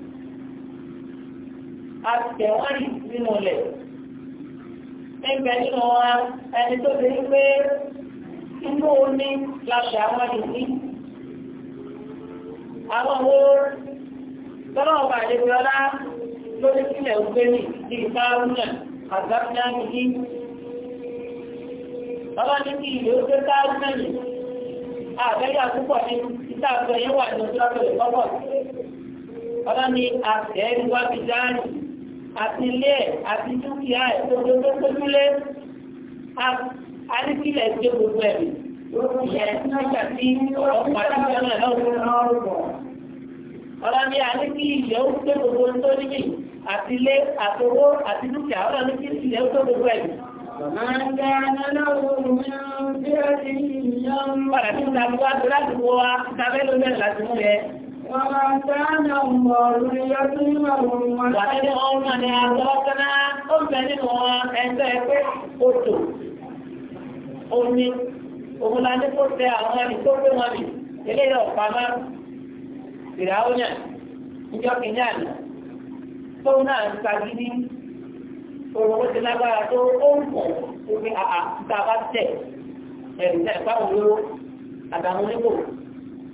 àtẹ̀wárì nínú ilẹ̀. Ẹgbẹ́ nínú wa ẹni tó ti pé inú omi láṣẹ àwọn ìdí. Àwọn owó tọ́lọ́ ọba àdébíọ́lá lórí sílẹ̀ ògbé ní ti Bàbá ní kí ìlú ó Àbẹ́yà púpọ̀ ní títà ní àti ilé ẹ̀ àti dúkìá ẹ̀ gbogbo tó tójúlé aríkìlẹ̀ ṣe gbogbo ẹ̀mí ìyẹn nígbà tí ọ̀pá tí wọ́n náà lọ́wọ́ ọ̀la ní aríkì ilẹ̀ ó gbé gbogbo tó níbi àti ilé àtòwó àti dúkìá ọ̀la ní kí ilẹ̀ ó gbé gbogbo ẹ̀mí. Padà tí ìlànà wá tó láti wọ́ wa, tàbí ló bẹ̀rẹ̀ láti mú yẹ. وما كان الله ليظلمهم ولكن هم أدركنا هم منهم أنت قلت omi òun la ní kó tẹ àwọn ẹni tó gbé wọn bì eléyìí ọ̀pá má ìràwọ̀ náà níjọ́ kìíní àná tóun náà ń ta gidi òun ó ti lágbára tó ó ń pọ̀ omi àà tá a bá tẹ̀ ẹ̀rù náà ìpáwọn olóró àtàwọn onígbò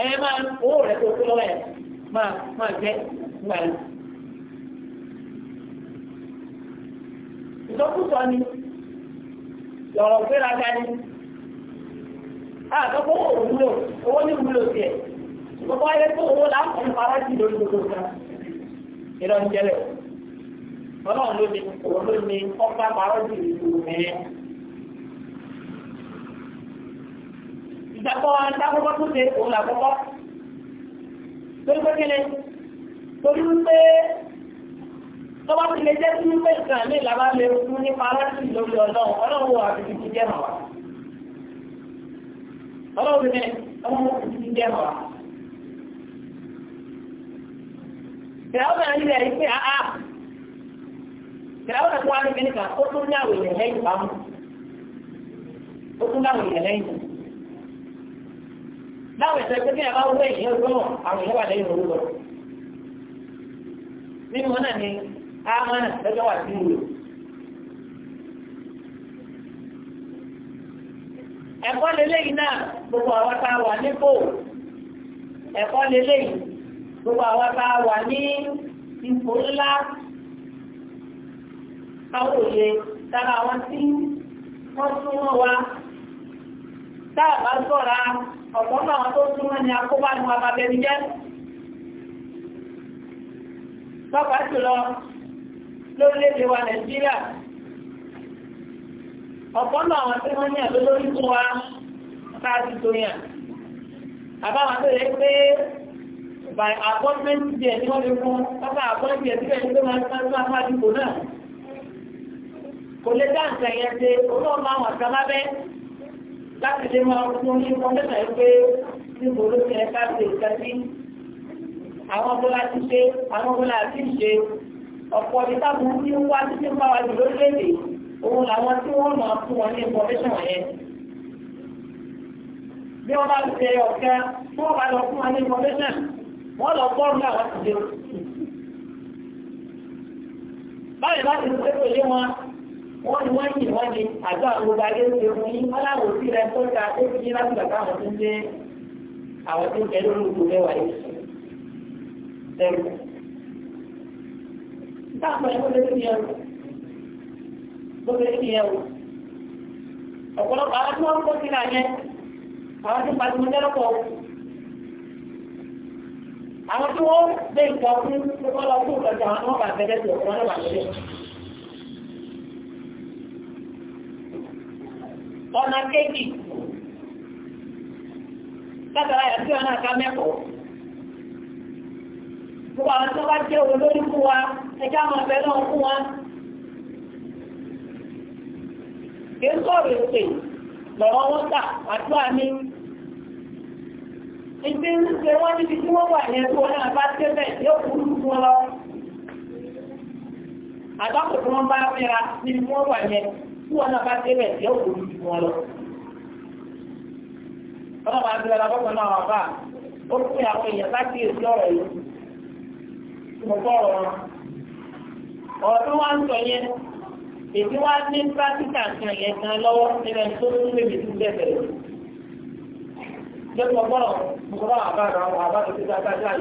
ẹ máa owó rẹ̀ tó kú lọ́wọ́ ẹ̀ máa máa jẹ́ wà ní. ìsọkúsọ ni lọ̀rọ̀ gbéra ga ni àtọ́kọ́ owó òwúlò owó ní òwúlò tiẹ̀ gbogbo ayé tó owó láǹkọ̀ nípa aláàjì lórí gbogbo nǹkan ìrọ̀ ọlọ́run ló ní òun ló ní ọgbà parọ́jì ìlú mẹ́rin. ìgbàgbọ́ wa ń dákọ́kọ́ tó ṣe òun làkọ́kọ́ torí pé kíni torí pé tọ́wọ́ ti lè jẹ́ sí pé nǹkan mi làbá lè fún nípa aláṣì lórí ọlọ́run ọlọ́run wo àbíbí ti jẹ́ màwá ọlọ́run ní ọmọ òkú ti jẹ́ màwá. Ìyàwó náà nílẹ̀ yìí pé àá ìyàwó náà tó wá ní kíníkà ó tún ní àwòrán lẹ́yìn pamọ́ ó tún láwòrán lẹ́yìn láwọn ìṣẹ́ pé ní ẹ̀bá wé ìyẹn gbọ́mọ̀ àwọn ìyẹn wà lẹ́yìn òwúrọ̀ nínú náà ni ámánà lọ́jọ́ wà sí ìlú ẹ̀kọ́ lélẹ́yìn náà gbogbo àwọn tá a wà nípò ẹ̀kọ́ lélẹ́yìn gbogbo àwọn tá a wà ní ipò ńlá káwòye tára wọn tí wọ́n súnmọ́ wa táàbá sọ́ra ọ̀pọ̀ náà tó súnmọ́ ni akóbá ní wàbá bẹ̀rù jẹ́ pápá jùlọ lórílẹ̀-èdè wa nàìjíríà ọ̀pọ̀ náà wọn tí wọ́n ní àlólórí fún wa káàdì tó yàn àbáwọn tó yẹ pé by appointment díẹ̀ ni wọ́n lè fún pápá appointment díẹ̀ síbẹ̀ nígbà máa ń sáré fún apádìpò náà kò lè dá nǹkan yẹn ṣe olóòmọ láti lè máa fún ní kọ́ńtẹ́tà yìí pé níbo ló ti ẹ̀ka ṣe ìtẹ́sí àwọn bọ́lá ti ṣe àwọn bọ́lá ti ṣe ọ̀pọ̀ ìtàkùn tí ń wá títí ń bá wa jù lórílẹ̀-èdè òun làwọn tí wọ́n máa fún wọn ní information yẹn. bí wọ́n bá ti ṣe ọ̀kẹ́ tí wọ́n bá lọ fún wọn ní information wọ́n lọ bọ́ọ̀lù náà wọ́n ti dé. báyìí láti ṣe pẹ̀lú wọn wọ́n ni wọ́n yìí wọ́n ni àjọ àgbogbo ayé fún yín aláwọ̀ sí rẹ tó ta ó fi tó ń àwọn tó ń lórí mẹ́wàá yìí ẹ̀ bóde sí bóde sí Ọ̀pọ̀lọpọ̀ àwọn tí wọ́n kó sí náà yẹn àwọn tí pàtó lọ́pọ̀ Àwọn tí wọ́n gbé nǹkan fún ọ̀nà kéèkì látara yà sí ọ̀nà àká mẹ́kọ̀ọ́ gbogbo àwọn tó bá jẹ́ olórí fún wa ẹjá máa bẹ náà fún wa kí n sọ̀rọ̀ ìpè lọ́wọ́ wọn tà àdúrà mi ìpè ń ṣe wọ́n níbi tí wọ́n wà yẹn tó náà bá tẹ́lẹ̀ yóò burú fún lọ àdókò tí wọ́n bá fẹ́ra níbi tí wọ́n wà yẹn tí wọn náà bá débẹ̀ yóò kó ju wọn lọ. ọlọ́run bá gbéra lọ́kàn náà wà bá ó pín àwọn èèyàn láti èsì ọ̀rọ̀ yìí tí mo bọ́ ọ̀rọ̀ wọn. ọ̀rọ̀ tí wọ́n ń sọ yẹn èmi wá ní pásítà kan yẹn kan lọ́wọ́ nílẹ̀ tó tún lè mi tún bẹ̀rẹ̀ rẹ̀. lọ́kọ̀ọ́ mo bá àbá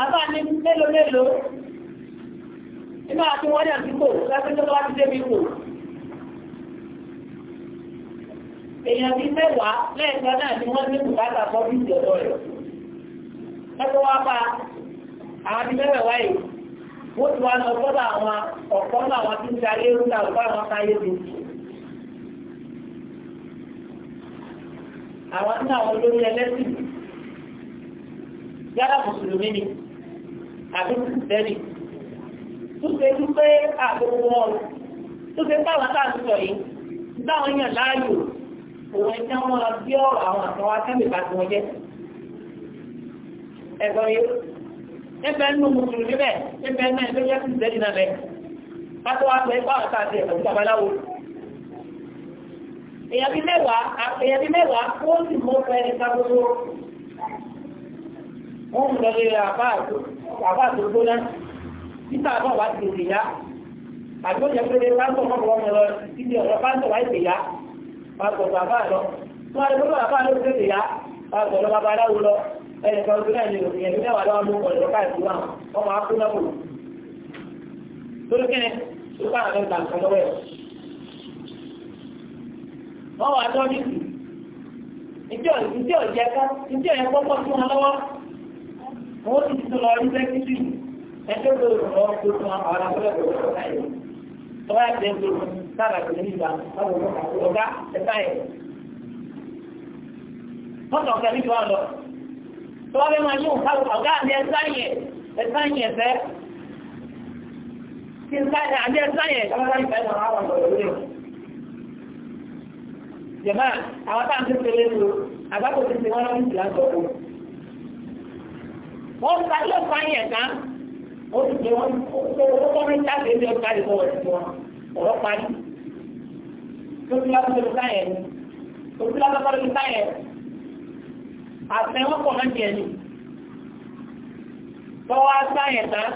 àbá ní mélòó mélòó iná àti wọ́n yàn sípò lẹ́gbẹ́jọ́ bá ti débi kò èèyàn bíi mẹ́wàá lẹ́ẹ̀kan náà ni wọ́n ní bùkátà bọ́ bí ìjọba rẹ̀ lọ́pọ̀ wá bá àwọn ti mẹ́wàá wọ́n ti wá lọ sọ́dọ̀ àwọn ọ̀pọ̀ náà wọ́n ti ń ayé rúdà ọ̀pọ̀ àwọn àwọn ẹlẹ́sìn mùsùlùmí ni. àbí kìtẹ́nì tó ṣe dúpẹ́ àgbègbè wọn tó ṣe báwọn tá à ń sọ yìí báwọn yàn láàyò òun ẹ̀jẹ̀ wọn lọ bí ọ̀rọ̀ àwọn àtàwọn akẹ́mì bá ti wọn jẹ́ ẹ̀gbọ́n yìí ẹgbẹ́ nínú mùsùlùmí bẹ́ẹ̀ ẹgbẹ́ náà ẹgbẹ́ yẹ́ kìtẹ́nì náà bẹ́ẹ̀ pátó wá pé báwọn tá à ti ẹ̀kọ́ babaláwo èèyàn bí mẹ́wàá ó sì mọ́ fẹ́ ẹ̀ka gbogbo wọ́n mú lọ́lé àbá gbóná títà àbá wà ti tètè yá àbí ó yẹ pé pásítọ̀ mọ́ bọ́ mọ́ lọ títí ọ̀rọ̀ pásítọ̀ wà tètè yá pásítọ̀ tó lọ wọ́n adé gbogbo àbá ló tètè yá pásítọ̀ lọ́ bàbá aláwo lọ ẹnì kan gbé ẹnì òfin ẹ̀mí mẹ́wàá lọ́wọ́ mú ọ̀rọ̀ káàkiri wọn wọ́n máa kú lọ́wọ́ Most installers like this, ẹgbẹ́ tó lọ tó tún àwọn akọ́lẹ̀ tó lọ sáyé. Tọ́lá ti ń lò sára tó ní ìgbà láwọn ọmọ àti ọ̀gá ẹ̀ka ẹ̀. Wọ́n tọ̀ kẹ́lí tó wà lọ. Tọ́lá bẹ́ẹ̀ máa yóò káwọ́ ọ̀gá àti ẹ̀ka Kí n sáyẹn àti ẹ̀ka yẹn àwọn tẹ̀lé tẹ̀lé wọn wọ́n ta yóò fa yẹn kan ó ti jẹ wọn ó kọ́ mi jáde ní ọjà ìfọwọ́ ìfọwọ́ ọ̀rọ̀ parí tó ti lọ́kọ́ lórí táyẹ̀ ni tó ti lọ́kọ́ lórí táyẹ̀ àtẹ̀wọ́n pọ̀ náà jẹ ni tọ́wọ́ ta yẹn tán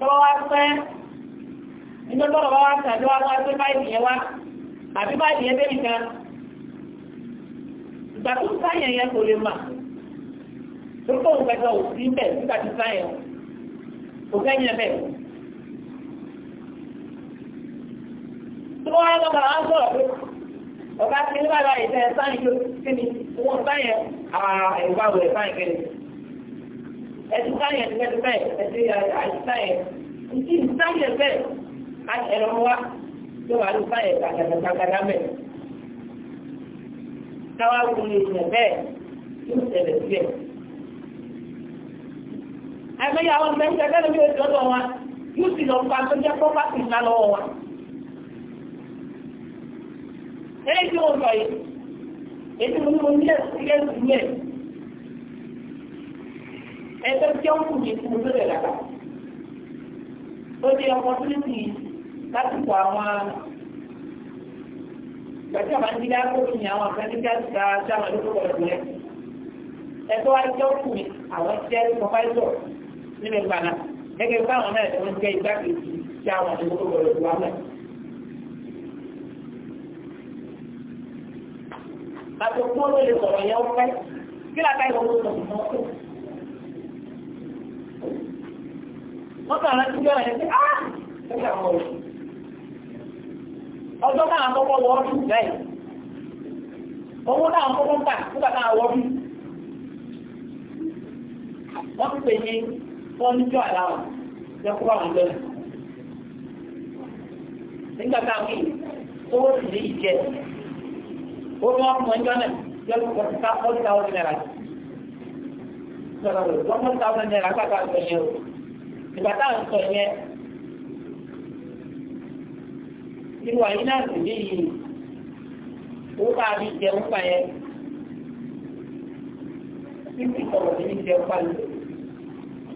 tọ́wọ́ wá pẹ́ nígbà tọ́lọ̀ bá wá tàn tí wá wá pé báyìí yẹn wá àbí báyìí yẹn bẹ́ẹ̀ nìkan ìgbà tó ta yẹn yẹn kò lè mà tókò òǹkẹ́kẹ́ ò sí bẹ́ẹ̀ nígbà tí sáyẹn kò sẹ́yìn bẹ́ẹ̀. tó wọ́n á lọ́kọ̀ àwọn sọ̀rọ̀ pé ọ̀gá ti ní bàbá ìfẹ́ sáyẹn tó kí ni wọ́n sáyẹn àwọn ìwà wẹ̀ sáyẹn kẹ́lẹ̀. ẹ̀sìn sáyẹn ti fẹ́ẹ́ bẹ́ẹ̀ ẹ̀sìn àìsí sáyẹn ìdí sáyẹn bẹ́ẹ̀ àti ẹ̀rọ wa tó wà ní sáyẹn kàkàkàkàkà bẹ́ẹ̀. táwa wù ní ìyẹn bẹ́ẹ̀ yóò tẹ̀lé sílẹ̀. àìmọye àwọn ìgbẹ́jẹ́ lẹ́nu bí ojú ọ̀dọ̀ wọn yóò sì lọ pa tó jẹ́ pọ́pátì ńlá lọ́wọ́ wọn. eléyìí tí wọ́n sọ yìí èyí mo ní mo ilé ìdílé ẹgbẹ́ tí ó ń kù ní ìfún lórí ẹ̀dá ó di láti kọ àwọn gbàtí akókò ní àwọn àwọn wa jẹ́ òkú àwọn ìfọ̀fáìsọ̀. nínú ìgbà náà gẹ́gẹ́ báwọn náà tó ń jẹ́ igbákejì tí àwọn àdúgbò tó gbọdọ̀ wà mẹ́. àtòkú ló lè sọ̀rọ̀ yẹn ó fẹ́ kí làtà ìwọ̀n tó sọ̀rọ̀ mọ́ tó. wọ́n kàn láti gbé ọ̀rọ̀ yẹn pé áá ah! ẹgbẹ́ àwọn ọ̀rọ̀ ọjọ́ náà kọ́kọ́ wọ ọdún láì owó náà kọ́kọ́ ń tà nígbà náà wọ́ọ́dún wọ́n ti pè ní wọ́n ní jọ àwọn lọ́nà. nígbà táwọn ó sì lè jẹ ó ní wọ́n mọ̀ jọ́nà lẹ́kọ́ kọ̀ọ̀tà forty thousand naira. sọ̀rọ̀ wọ́n forty o. sọ yẹn irú náà sì owó a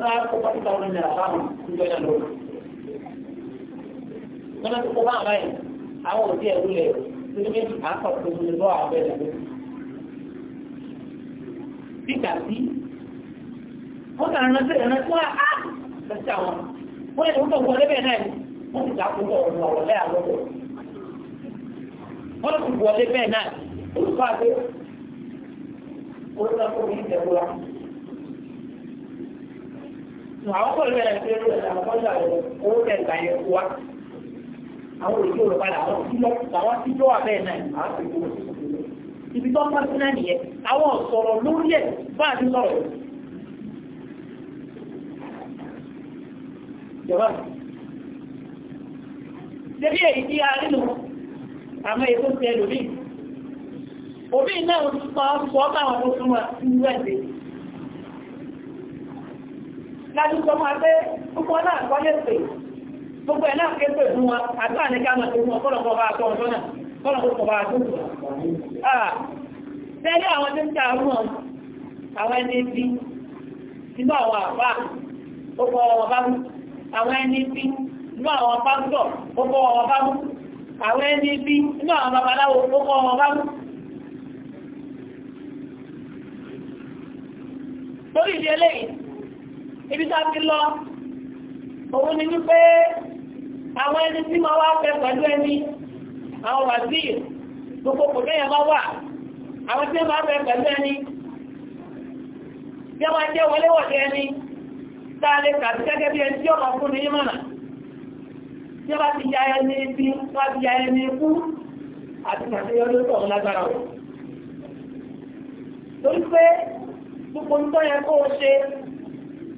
kana ko ba ta wannan da samu kun ga da lokaci kana ko ba àwọn òbí ẹrú lẹ torí méjì àkọ tó ń lọ abẹ rẹ píkà sí wọn kà rántí rántí wọn á lọsí àwọn wọn yẹn wọn kọ wọlé wọlé bẹ́ẹ̀ náà àwọn kò lè ṣe ló ṣe àwọn kọ́ńtà owó kẹta yẹn wá àwọn òṣèlú rẹ̀ padà àwọn sílọ àwọn sílọ abẹ́ náà àwọn sì kúrò ibi tó ń pàṣẹ náà nìyẹn àwọn sọ̀rọ̀ lórí ẹ̀ bá a ti sọ̀rọ̀ jọba débi èyí tí a rí àmọ́ èyí ti ẹlòmíì òbí náà sọ ọ́ bá àwọn tó súnmọ́ lájú máa pé púpọ̀ náà kọ́ lè pè gbogbo náà ké pè fún wọn àti àní ká tó wọn kọ́nà bá tọ́ ọ̀tọ́ náà kọ́nà bá tó tẹ́lẹ̀ ah, àwọn tó ń ta àwọn àwọn ẹni bí nínú àwọn àbá ó kọ́ bá mú àwọn ẹni bí nínú àwọn pásítọ̀ ó kọ́ bá mú àwọn ẹni bí nínú àwọn babaláwo ó kọ́ bá mú torí ìdí eléyìí ibi tá a ti lọ òun ni wípé àwọn ẹni tí máa wá fẹ́ pẹ̀lú ẹni àwọn wàzíì gbogbo kò lẹ́yìn bá wà àwọn tí máa fẹ́ pẹ̀lú ẹni tí wọ́n jẹ́ wọléwọ̀dé ẹni tá a lè kàtí gẹ́gẹ́ bí ẹni tí ó máa fún ní ìmọ̀nà tí wọ́n ti ya ẹni ibi tó ti ya ẹni ikú àti àṣeyọrí tó ń lágbára o. torí pé gbogbo ń tọ́ yẹ kó o ṣe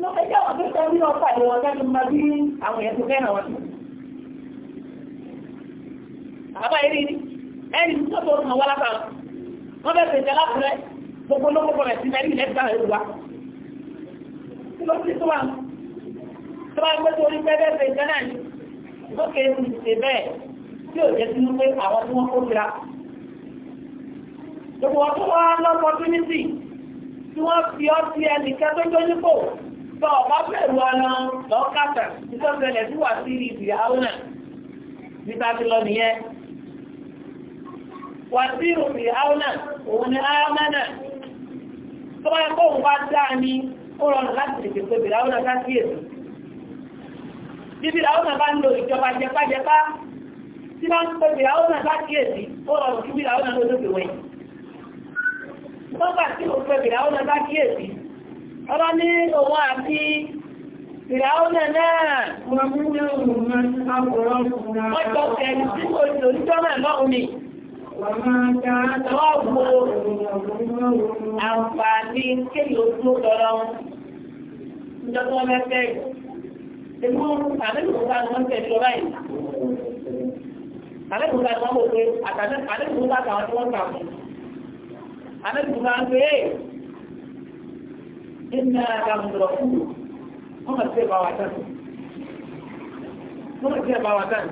ẹjẹ́ àwọn tó tẹ́ ní ọ̀pá ìwọ̀n tẹ́lú máa bí àwọn èèyàn tó fẹ́ràn wọn. Àbá eré ni, ẹni tó tó kàn wá lápá wọn. Wọ́n fẹ́ fèsì alákùnrin gbogbo lókòkò rẹ̀ sí mẹ́rin ilẹ̀ gbà ẹ̀rù wa. Kí ló ti tó wà? Tó bá gbé torí pé bẹ́ẹ̀ fèsì náà ni, ó kéré ti ṣe bẹ́ẹ̀ tí ò jẹ́ sínú pé àwọn tí wọ́n kó fira. Gbogbo wọn tó wá lọ́pọ̀ tí wọ́n fi ọtí nípò bọ́ ọ̀pá bẹ̀rù ọ̀nà lọ́kàtà ìtọ́sẹ̀lẹ̀ tí wà sí ìdìyàwó náà níta ti lọ nìyẹn wà sí ìdìyàwó náà òun ni áyámá náà tó bá yẹ kó òun bá dáa ní ó rọrùn láti tètè pé ìdìyàwó náà ká sí tí wọ́n ń pè ìdìyàwó náà ká sí ọ̀rọ̀ ní òun àti ìràúnà náà ọjọ́ tí kò jò ní jọ́nà lọ́hùn ni lọ́gbò àǹfààní kéèlì ojú lọ́rọ̀ ìjọ tó mẹ́fẹ́ ìgbó àmẹ́kùnrin àwọn ọmọ ìjọ báyìí àmẹ́kùnrin àwọn ọmọ òwe àtàlẹ́kùnrin àwọn tí wọ́n kà fún àmẹ́kùnrin àwọn ọmọ iná lámùrọ̀ kúrò wọ́n mọ̀ sí ẹ̀bà wà tán wọ́n mọ̀ sí ẹ̀bà wà tán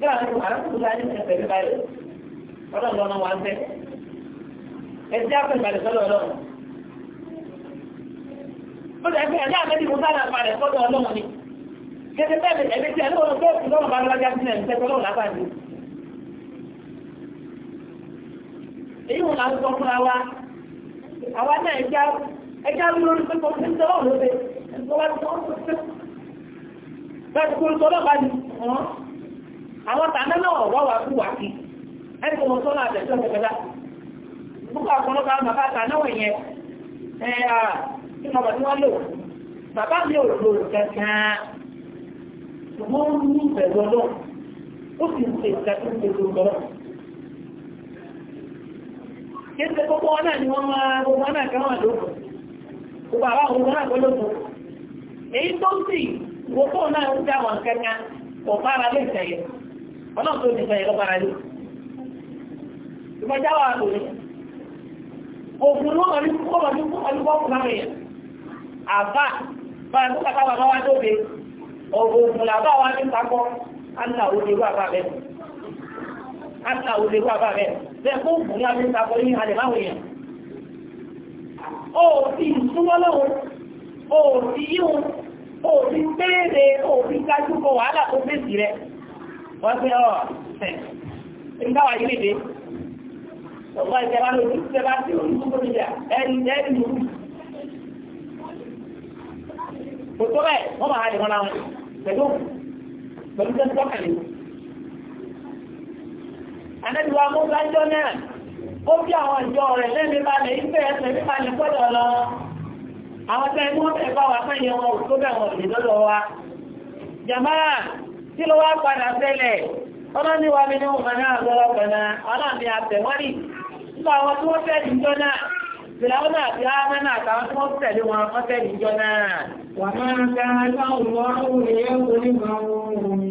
yóò àwọn arákùnrin láyé ní ẹ̀fẹ̀ nípa rẹ̀ ọlọ́run lọ́nà wà ń bẹ́ ẹ̀jẹ̀ àpẹẹ̀bàlẹ̀ sọ́dọ̀ ọlọ́run ó lè fẹ́ ẹ̀jẹ̀ àpẹẹ̀bí mo sára àpàrẹ̀ sọ́dọ̀ ọlọ́run ni kéde bẹ́ẹ̀ ẹ̀mí tí ẹlọ́run lọ́jà sílẹ̀ ń tẹ́tọ́ lọ́run lápá ni èyí wọn là sọ fúnra wa àwa náà ẹja ẹja lórí pé kò sí sọ́wọ́ ló dé ẹ̀sọ́ wá sí wọ́n sí. láti kó sọ́dọ̀ bá ní wọ́n àwọn tàná náà wá wá kú wá kéèsẹ̀ gbogbo wọn náà ni wọ́n máa gbogbo wọn náà kẹwàá lókùn gbogbo àwọn ọmọ náà gbọ́lógún èyí tó ń sì gbogbo náà ń dáwọn kankan kò fara lè sẹ̀yẹ̀ ọlọ́run tó ti sẹ̀yẹ̀ lọ fara lè ìgbàjá wà lórí ògùn ló wà ní kọ́kọ́ ní kọ́kọ́ ní kọ́kọ́ náà yẹn àbá bá àtà òlè wà bá rẹ̀ bẹ́ẹ̀ ní abẹ́ ìtakọ̀ ní alẹ̀ láwọn èèyàn ó ti súnmọ́ lọ́wọ́ ó ti yíwọn ó wàhálà tó fèsì rẹ̀ wọ́n pé ọ̀ ṣẹ̀ wọ́n máa lè wọn láwọn pẹ̀lú pẹ̀lú tẹ́sí àdẹ́bíwá mú lájọ́ náà ó bí àwọn ìjọ rẹ̀ lẹ́ni balẹ̀ ìfẹ́ ẹsẹ̀ nípa ní pọ́dọ̀ lọ àwọn tẹ́ mú ẹ̀ bá wà fẹ́yẹ wọn ò tó bẹ̀ wọn lè lọ́dọ̀ wa jàmá tí ló wá padà ṣẹlẹ̀ ọlọ́ ní wa mi ní náà lọ́wọ́ pẹ̀lá ọlọ́ọ̀ni àtẹ̀wọ́rì nípa àwọn tí wọ́n tẹ̀lé ìjọ náà Ìlàwọ́n náà ti náà tàwọn tí wọ́n tẹ̀lé wọn wọ́n ìjọ náà. Wà máa ń gbá ẹgbẹ́ òun lọ́rùn ìyẹ́ òun ní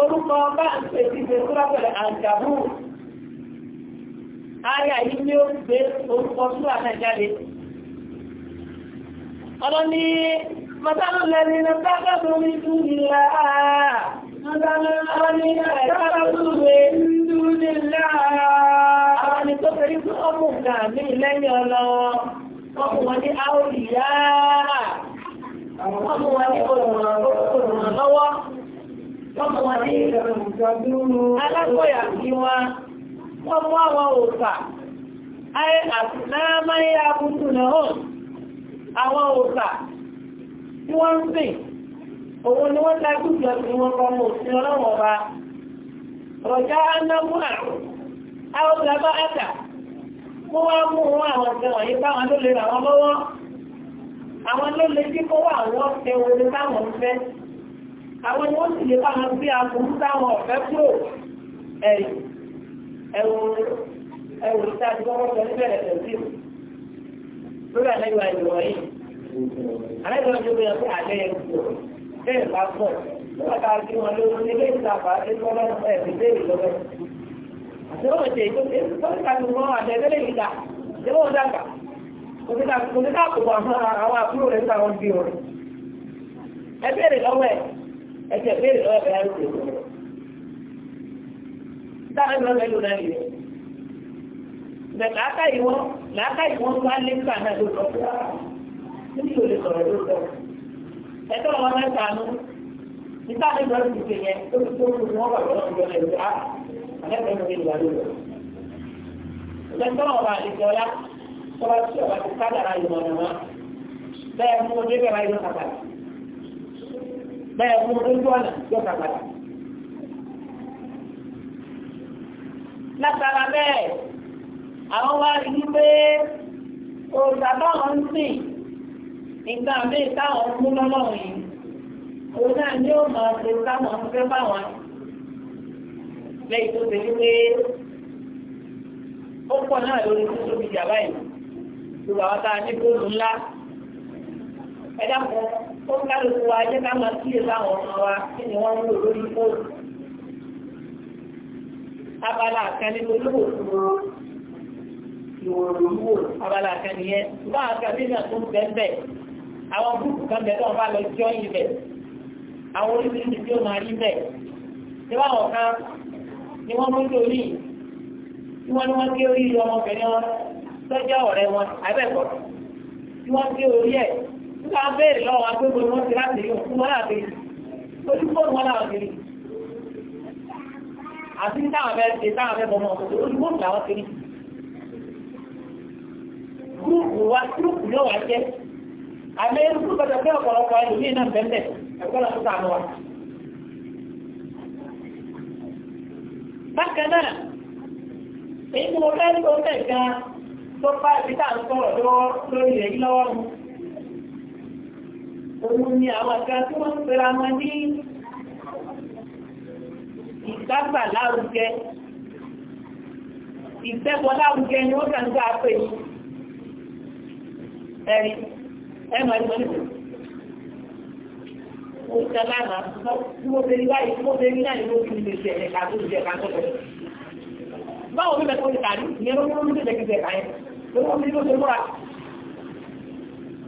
orúkọ bá ń pè sí pé kúrọ́pẹ̀lẹ̀ àǹkàbù ayà yìí ni ó gbé orúkọ súwà náà jáde ọlọ́ni mọ́tàlùlẹ́ni ní sábàbọ̀ ní dúnilá mọ́tàlùlẹ́ni ní sábàbọ̀ ní dúnilá àwọn ni tó fẹ́rí fún ọmọ ìgbà mí lẹ́yìn ní áwòrìyá ọmọ wọn ní Alákọ̀yà sí wọn, wọ́n mú àwọn òòsà, ayé àtìláàmá yá abúrú náà hàn, àwọn òòsà tí wọ́n ń sìn, òun ni wọ́n dájú jọ sí wọn kọ́ mọ̀ sí ọlọ́wọ̀n ọba. Rọ̀já Anámúà, àwọn bàbá àtà, mú wá mú wọn àwọn ìṣẹ̀wọ̀n yìí báwọn ló lè ràn wọ́n lọ́wọ́. Àwọn ló lè dínkù wà wọ́n ṣe orin táwọn ń fẹ́. àwọn ni sì lè bára gbé agbóhùn táwọn ọ̀fẹ́ kúrò ẹ̀rì ẹ̀wọ̀n ìta ti kọ́kọ́ ní bẹ̀rẹ̀ tẹ̀sí lórí àlẹ́yìnwá ìwọ̀ yìí àlẹ́yìnwá ìjọba yẹn fún àlẹ́ yẹn kúrò bẹ́ẹ̀ bá kí wọn lórí nílé ìtàkà àti ẹsẹ̀ pé ìlú ọ̀fẹ́ ń tẹ̀ dáa lọ mẹ́lú náà yẹ bẹ̀rẹ̀ láká ìwọ́n láká ìwọ́n bá lé nípa náà ló sọ fún wa níbi ò lè sọ̀rọ̀ ló sọ ẹ̀tọ́ wọn mẹ́ta nù nípa ní lọ́ọ́ ti ṣe yẹn tó tó kù ní wọ́n wà lọ́wọ́ ti lọ́ọ́ ìlú á àlẹ́fẹ́ mi ìlú àlọ́ lọ. ìgbẹ́ntọ́ wọn bá àlejò ọlá tọ́wọ́ tí ọba ti ká dára ìmọ̀ ọ̀nà wọn bẹ́ẹ̀ mú ọdẹ bẹ́ẹ̀ wáyé lọ́ bẹ́ẹ̀ mú lójú ọ̀nà yọ̀ọ̀ta padà. látara bẹ́ẹ̀ àwọn wá rí i pé òòjà báwọn ń sìn nígbà míì táwọn mú lọ́lọ́run yìí òun náà ni ó máa ṣe táwọn ń fẹ́ báwọn lẹ́yìn tó ṣe wípé ó pọ̀ náà lórí tó tóbi jà báyìí gbogbo àwọn tá ní góòlù ńlá ẹ̀dá kan ó ń kálukú wa jẹ́ ká máa kíyè láwọn ọmọ wa kí ni wọ́n ń lò lórí fóònù. abala kan ní olówó tó ìwòrò wò abala kan nìyẹn ṣùgbọ́n àwọn kan nínú àtúntò bẹ́ẹ̀ bẹ́ẹ̀ àwọn gúúpù kan bẹ̀ tó wọn bá lọ jọ́ yìí bẹ̀ àwọn oríṣiríṣi tí ó máa rí bẹ̀ níwọ̀n àwọn kan ni wọ́n mójú orí tí wọ́n ní wọ́n gé orí ọmọbìnrin wọn tọ́jú ọ̀rẹ́ wọn abẹ́kọ̀ọ́ tí wọ́n gé orí ẹ̀ tá a béèrè lọ́wọ́ agbégbò wọn ti láti yóò fún wọn láti ojú fóònù wọn láti rí àti ní táwọn fẹ́ ṣe táwọn fẹ́ bọ́mọ ọ̀sọ̀ ojú fóònù làwọn ti rí gúrùpù wa gúrùpù yóò wá jẹ́ àmì irúgbó gbọdọ̀ pé ọ̀pọ̀lọpọ̀ ẹlòmíì náà bẹ́ẹ̀ bẹ́ẹ̀ ẹ̀kọ́ lọ́sọ̀ sànù wa. bákan náà èyí tí mo fẹ́ tó bẹ̀ gan tó bá ibi tá à ń sọ̀rọ̀ lórí rẹ̀ yí lọ́wọ́ mu òun ni àwọn kan tí wọ́n ń pera wọn ní ìkápà láwùjẹ ìtẹ́kọ̀ láwùjẹ ni ó kàn gbá pé ẹ̀rí ẹ̀mọ̀ ẹ̀mọ̀ ní òṣìṣẹ́ lánàá tí mo fẹ́ rí báyìí tí mo fẹ́ rí náà ni mo fi lè ṣẹlẹ̀ láwùjẹ kákọ̀ọ́ báwo ló bẹ̀ ti tàbí ìyẹn ló ń mú ní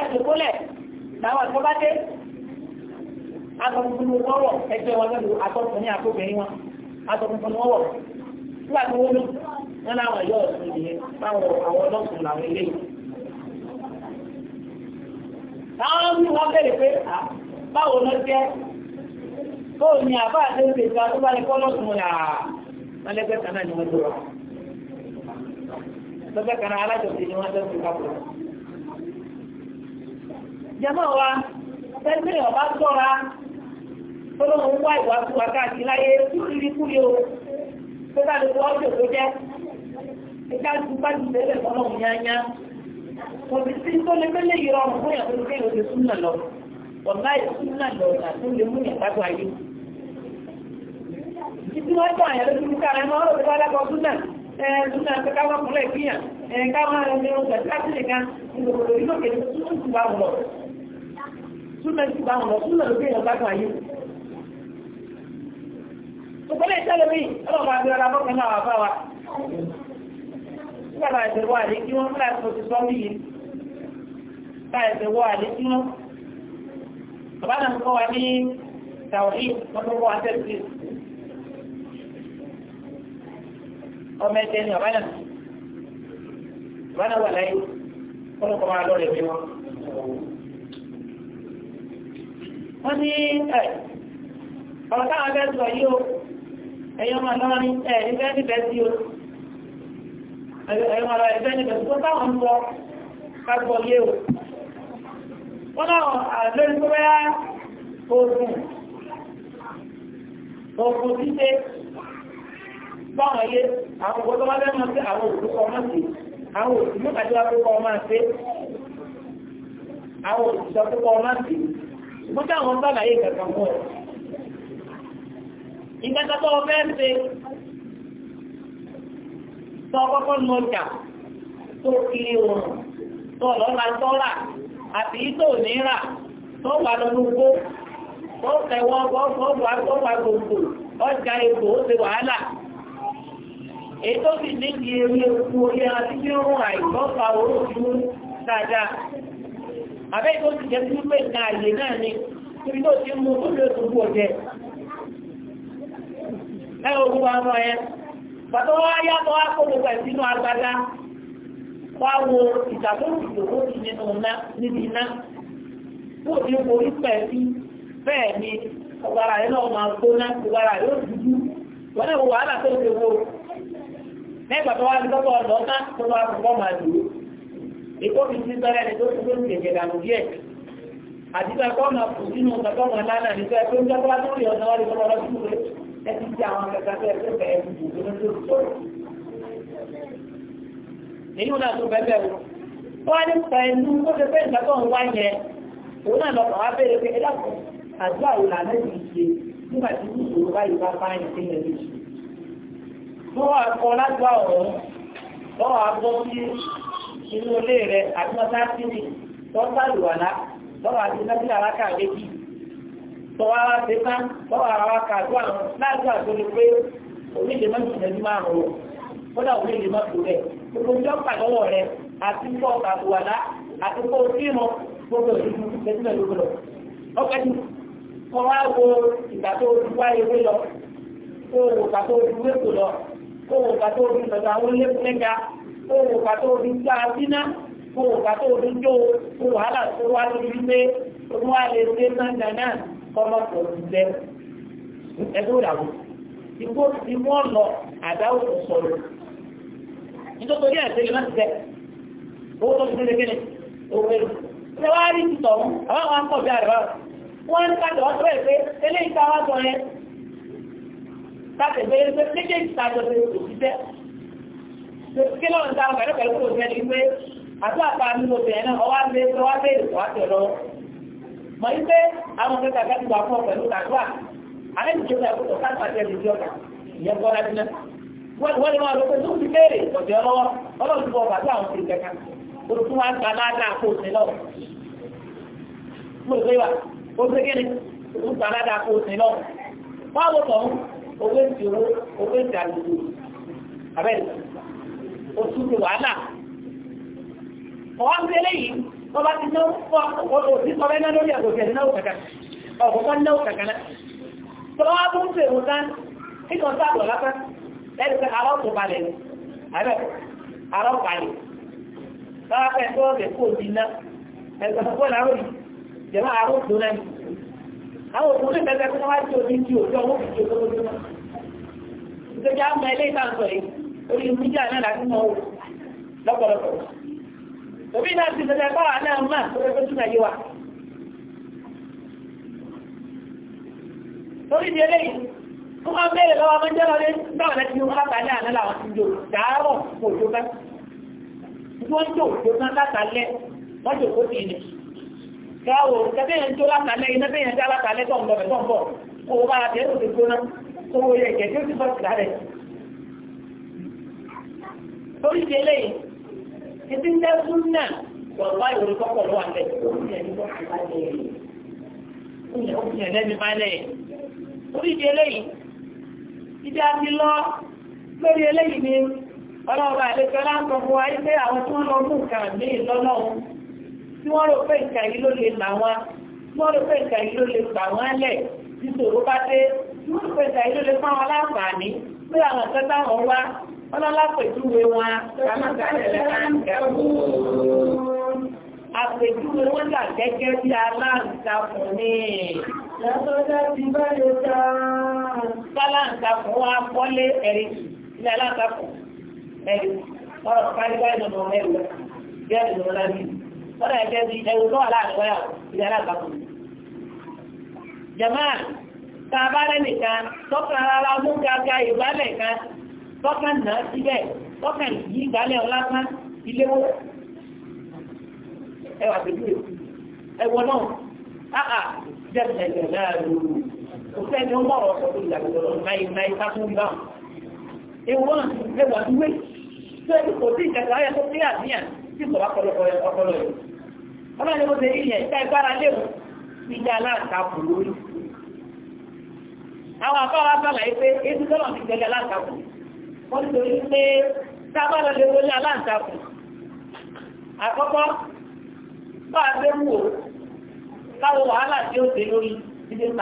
àjòkólẹ̀ láwọn àkọ́bá dé agbọ̀nfún wọ́wọ̀ ẹgbẹ́ wọn lọ́dún àtọ́kùn ní àkóbìnrin wọn agbọ̀nfún wọ́wọ̀ nígbà tí wọ́n lò wọ́n láwọn ẹ̀yọ́ ọ̀sùn nìyẹn báwọn àwọn ọlọ́sùn làwọn ilé yìí. táwọn ń wọ́n bèrè pé báwo ló jẹ́ kó o ní àbá àti oṣù ìgbà tó bá lè kọ́ lọ́sùn là wọ́n lẹ́gbẹ̀ẹ́ kan náà ni wọ́n dúró lọ́gbẹ̀ẹ́ kan náà alájọsìn ni wọ́n dẹ́ jẹmọ́ wa tẹ́lẹ̀ ọba sọ́ra tó lóun wá ìwà fún láyé kúrìrí o tó dáadé tó ọjọ́ tó jẹ́ ìjà dúpá ju tẹ́lẹ̀ fọ́nà òyìnyá kò sí sí tó lé mẹ́lẹ̀ yìí rọrùn fún yàtọ̀ tó kéwòn lè súnà lọ ọ̀nà ìsúnà lọ ọ̀nà tó lè mú yàtọ̀ tó ayé. Ìtí wọ́n tán àyàn lójú ní kára ẹmọ́ ọ̀rọ̀ tó bá dákọ̀ súnà súnà tó káwọn kúnlẹ̀ kíyàn káwọn ẹni oúnjẹ tó súnmẹ́ ti bá ọ̀nà súnmẹ́ ló gbéyàn gbádùn ayé. Òkú lè tẹ́lẹ̀ mí, ọlọ́run bá gbéra lọ́kàn náà wà fáwa. Nígbà bá ẹ̀sẹ̀ wọ àlé kí wọ́n fúnra ẹ̀sẹ̀ ti sọ mí yìí. Bá ẹ̀sẹ̀ wọ àlé kí wọ́n. Bàbá náà kọ́ wa ní Tàwọ̀lì, wọ́n tó wọ́ àtẹ́sí. Ọmọ ẹ̀sẹ̀ ni bàbá náà. Bàbá náà wà láyé, kọ́lọ́kọ́ máa lọ wọ́n ní ẹ̀ ọ̀rọ̀ táwọn fẹ́ sọ yìí o ẹ̀yọ́ máa lọ́wọ́ ní ẹ̀ ìfẹ́ nífẹ̀ẹ́ sí o ẹ̀yọ́ máa lọ́wọ́ ìfẹ́ nífẹ̀ẹ́ sí tó táwọn ń bọ̀ kágbọ́ yé o wọ́n náà lórí tó bẹ́yà oògùn oògùn títẹ́ báwọn yé àwọn òkú tó bá bẹ́ẹ̀ mọ́ sí àwọn òkú kọ́ sí àwọn òkú mọ́ sí àwọn òkú sọ sí ṣùgbọ́n táwọn bá láyé kankan mọ́ ẹ̀. ìgbàgbọ́ ọbẹ̀ ń ṣe tọ́ kọ́kọ́ ní ọjà tó kiri òun tọ́ lọ́la tọ́ra àti ìtò níra tó wà lọ́lọ́gbó tó tẹ̀wọ́ gbọ́gbọ́gbà tó wà gbogbo ọjà èkó ó ṣe wàhálà. ètò sì ní ti eré ewu orí ara tí ó ń rà ìgbọ́fà orí òṣù dáadáa. àbẹ́ tó ti jẹ́ sí pé ìta àyè náà ni torí tó ti mú tó lè tóbi ọ̀jẹ́ ẹ ogun wa mọ ẹ pàtó wá yàtọ̀ wá kó gbogbo ẹ̀ sínú agbada wá wo na tó ti nínú na níbi iná tó na forí pẹ̀ sí bẹ́ẹ̀ ni ọgbàrà yẹn náà máa gbóná ọgbàrà yóò dúdú wọ́n náà èkó fi sí bẹ́rẹ̀ ni tó ti tó ti gẹ̀gẹ̀ dànù díẹ̀ àdìgbà kọ́ máa kù sínú ọ̀sán kan lánàá nípa ẹgbẹ́ ń dọ́gba tó rí ọ̀nà wáyé kọ́kọ́ lọ́sí ìwé ẹ ti di àwọn akẹ́kọ̀ọ́ tó ẹgbẹ́ bẹ̀rẹ̀ ti dùn tó ti tó nínú náà tó bẹ́ẹ̀ wò wọ́n á ní pẹ̀lú ó ti fẹ́ ìgbà tó ń wá yẹn òun náà lọ́kọ̀ wá ọ̀rọ̀ wọ́n wá bọ́ inú ilé rẹ̀ àti mọ́sáàtì ni tọ́wọ́ sàlùwàlá tọ́wọ́ àti nábìlà alákà méjì tọ́wọ́ ara ṣe tán tọ́wọ́ ara wa kà tó àwọn láti àtúnlẹ̀ pé orílẹ̀ mọ́tò ìṣẹ́jú márùn-ún kódà orílẹ̀ mọ́tò rẹ̀ gbogbo ìjọ pàdánwò rẹ̀ àti kọ́ sàlùwàlá àti kọ́ sínú gbogbo ìlú ìṣẹ́jú mẹ́rin lọ. ọkẹ́ ti kọ́ wá wo ìgbà tó wá ewé lọ kó wo ìgbà tó ohun ọ̀gá tó omi ń gbá síná ohun ọ̀gá tó omi ń jó ohun wàhálà tó wá lórí wípé ohun wá lè ṣe náà náà kọ́mọ tó ń jẹ ẹgbẹ́ òdàwọ̀ ìgbó ti mú ọ̀nà àdáwò tó sọ̀rọ̀ nítorí ẹ̀ tẹ́lẹ̀ náà ti tẹ́ owó tó ti tẹ́lẹ̀ kéde owó èrò ṣé wàá rí ti tọ̀hún àwọn àwọn akọ̀ bí àrẹ̀wá wọn ní ká tọ̀wọ́ tó eléyìí ká wá sọ yẹn ká tẹ̀ pé ká jọ pé òṣìṣẹ́ kí lọ́nà tá a pẹ̀lú pẹ̀lú kò jẹ́ ni pé àti àpá mi mo bẹ̀rẹ̀ náà ọwá lé ọwá lé ìwà tẹ̀lọ. mọ̀ ní pé àwọn ọmọ kẹta ti wà fún ọ pẹ̀lú kàdúrà alẹ́ ìjọ náà kò ká pàṣẹ ìjọ ọ̀gá ìyẹn kọ́ lájú náà. wọ́n lè máa lọ pé lóun ti béèrè ọ̀dẹ́ ọlọ́wọ́ ọlọ́run ti bọ̀ bàtà àwọn ti kẹta olùkún wa ń ta ládàá kó o ti lọ. mo gbé wa o gbé òtútù wàhálà ọwọ́n tí eléyìí tó bá ti náwó òsìsọ́fẹ́ náà lórí àgbòkè náwó kàkà ọ̀pọ̀pọ̀ náwó kàkà náà tó wá bú ń pè mú tán kíkọ sáàbù ara ọ̀pọ̀ balẹ̀ ni àbẹ̀ ara ọ̀pọ̀ àlè lọ́wọ́ pẹ́ tó ọ̀sẹ̀ kó di ná orí mídíà náà láti mọ̀ ọ́ lọ́pọ̀lọpọ̀ òbí náà ti tẹ̀lé ẹ̀kọ́ wa náà mà tó fẹ́ tún ẹ̀yẹ wa. torí eléyìí kó máa bẹ́ẹ̀rẹ̀ lọ́wọ́ máa jẹ́ lọ́dẹ́ báwọn ẹ̀sìn ní látàlẹ́ àná làwọn ti jò tó látàlẹ́ wọ́n jò kó tì já látàlẹ́ tọ̀ ń bọ̀ tọ̀ ń bọ̀ kó o bá a tẹ́lẹ̀ tó gbóná kó o yẹ kẹ́ torí ti eléyìí títí ń dẹ́kun náà wọ̀lá ìwòrán kọ́kọ́ lọ́wọ́ àbẹ̀ òkùnrin ẹ̀dẹ́mi balẹ̀ torí ti eléyìí títí a ti lọ lórí eléyìí ni ọlọ́ọ̀bà àlejò láǹkọ̀ fún wa pé àwọn tí wọ́n lọ mú nǹkan mí lọ́nà òun tí wọ́n rò pé nǹkan yìí ló lè là wọn tí wọ́n rò pé nǹkan yìí ló lè gbà wọ́n lẹ̀ nítorí bá dé tí wọ́n rò pé nǹkan yìí ló lè fún àwọn aláǹfààní pé àwọn ìtọ́jú àwọn wá ọlọ́lá pẹ̀júwe wọn àpèjúwe wọn dà gẹ́gẹ́ bí aláǹtakùn ní lọ́sọ́jọ́ ti bá lè ta aláǹtakùn wa kọ́lé ẹ̀rí ní aláǹtakùn ẹ̀rí ọ̀rọ̀ kárígbá ìdọ̀dọ̀ mẹ́rin bí ẹ̀dùn lọ́la ọ̀rọ̀ ẹ̀jẹ̀ bí ẹ̀rù tó wà láàrin wáyà ní aláǹtakùn jẹ̀máà tọ́kà náà síbẹ̀ tọ́kà yìí ìgbálẹ̀ ọlásán iléwó ẹwà pẹ̀lú ẹwọ náà kò ó mọ̀rọ̀ wọ́n ti torí pé sábàlọ́ lè wọlé aláǹtakùn àkọ́kọ́ bá a fẹ́ tí ó ní tí ó ní tí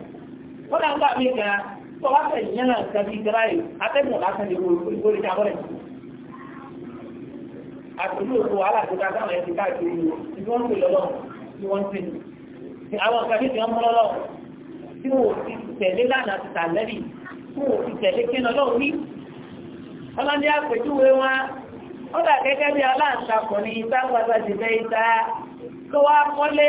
ó ní tí ń tó bá fẹ́ yẹn náà kan bí gara yìí atẹ́gùn lásán ní orí ní abọ́rẹ̀ àtúntò òkú aláàtúntà táwọn ẹ̀ ti káàkiri ni wọ́n ń pè lọ́lọ́ ni wọ́n ń pè ní àwọn kan bí ti wọ́n mú lọ́lọ́ tí wọ́n ti tẹ̀lé lánàá ti tà lẹ́rì tí wọ́n ti tẹ̀lé kí lọ́lọ́ wí ọlọ́ni àpèjúwe wọn ó dà gẹ́gẹ́ bí aláǹtakùn ní ìta pàtàkì fẹ́ ìta tó wá mọ́lé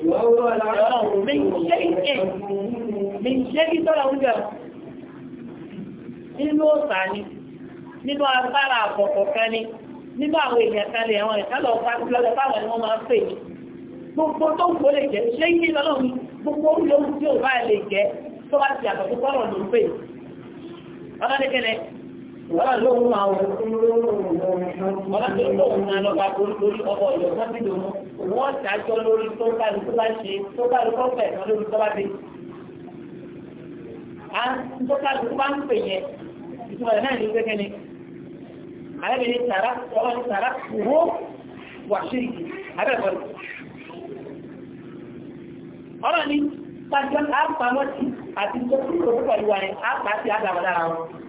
Nínú ọ̀sà ni, nínú agbára àbọ̀kọ̀ kan ni, nínú àwọn èèyàn kan lè àwọn ìkálọ̀ pàtàkì pàwọn ni máa ń pè Gbogbo tó ń kó lè jẹ́, ṣé yí lọ́nà mi, gbogbo oúnjẹ oúnjẹ ò bá lè jẹ́ tó bá ti àbọ̀kọ̀ wọ́n lóhun máa wọ́n wọ́n tó lóhun máa lọ́ba lórí ọkọ̀ ọ̀yọ́ wọ́n ti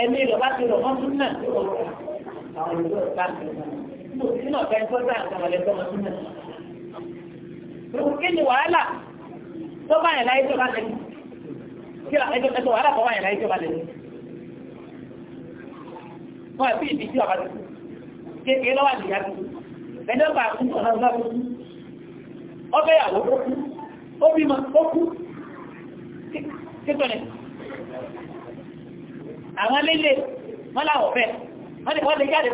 ẹni rẹ̀ bá ti rọ̀ wọ́n tún náà tó rọ̀ àwọn ìlú ọ̀gá nínú ọ̀gá ẹ̀kọ́ sáà àtàwọn ẹ̀kọ́ wọn tún náà. Gbogbo kí ni wàhálà tó bá yẹn láyé tó bá lẹ́nu? Kí ẹjọ́ wàhálà tó bá yẹn láyé tó bá lẹ́nu? Wọ́n ẹ̀fí ìdí tí ọ̀gá tó kú. Kéèké lọ́wọ́ àdìyá tó kú. bá kú ọ̀nà ọ̀gá tó kú. Ọbẹ̀ yàwó ó kú. Ó bímọ ó kú. Kí àwọn lélẹ̀ wọ́n láwọ̀ fẹ́ wọ́n lè jáde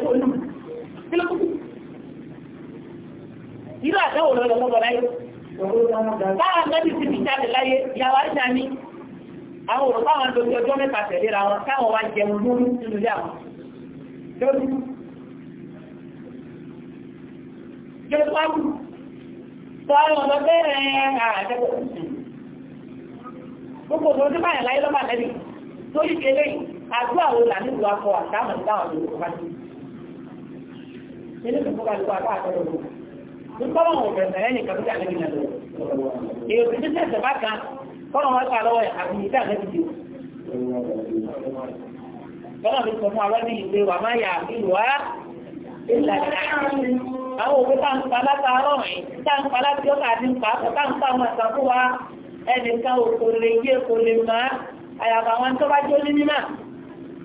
fún jáde láyé ìyàwó àìsàn ni àwọn òrùn báwọn lójú gbogbo òṣèlú báyìí láyé lọ́mà lẹ́bí tó yìí àjọ àwọn ìlànà ìlú akọ àtàwọn ìdáwọn ìlú kọfà sí. Nínú ìfowópamọ́ ìlú akọ àtàwọn ìlú. Nígbàwọ̀n wọn bẹ̀rẹ̀ sẹ́yìn nìkan tó dàgbé nìyànjú. Èrò tó tẹ̀sẹ̀ tẹ̀ bá kan, kọ́nà wọn kà lọ́wọ́ àbí ìdá àgbẹ̀ ti dìbò. Bọ́lá mi sọ fún àwọn ní ìwé wà máa yà ìlú wa. Àwọn òwe tá ń pa látàárọ̀ rìn, tá ń pa láti ọ́kà àti ń pa àpọ̀, tá ń pa àwọn àṣà fún wa. Ẹnìkan ò kò lè yé kò lè máa àyàfà àwọn tó bá jó ní mímà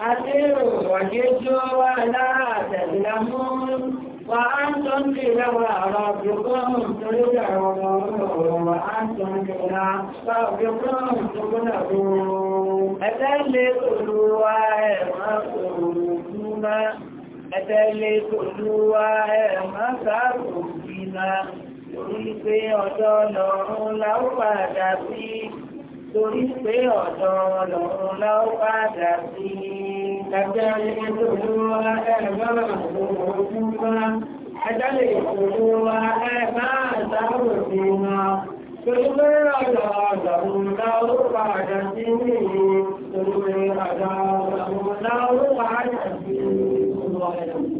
أطيعوا وجدوا ولا تظلمون وأنتم إلى ربكم ترجعون وأنتم إلى ربكم تغلبون أتلي قلوا وما أتلي قلوا وما تكون فينا يريد أجل الله لا torí pé ọ̀dọ̀ ọlọ́run láó padà sí ẹgbẹ́rin ìṣòro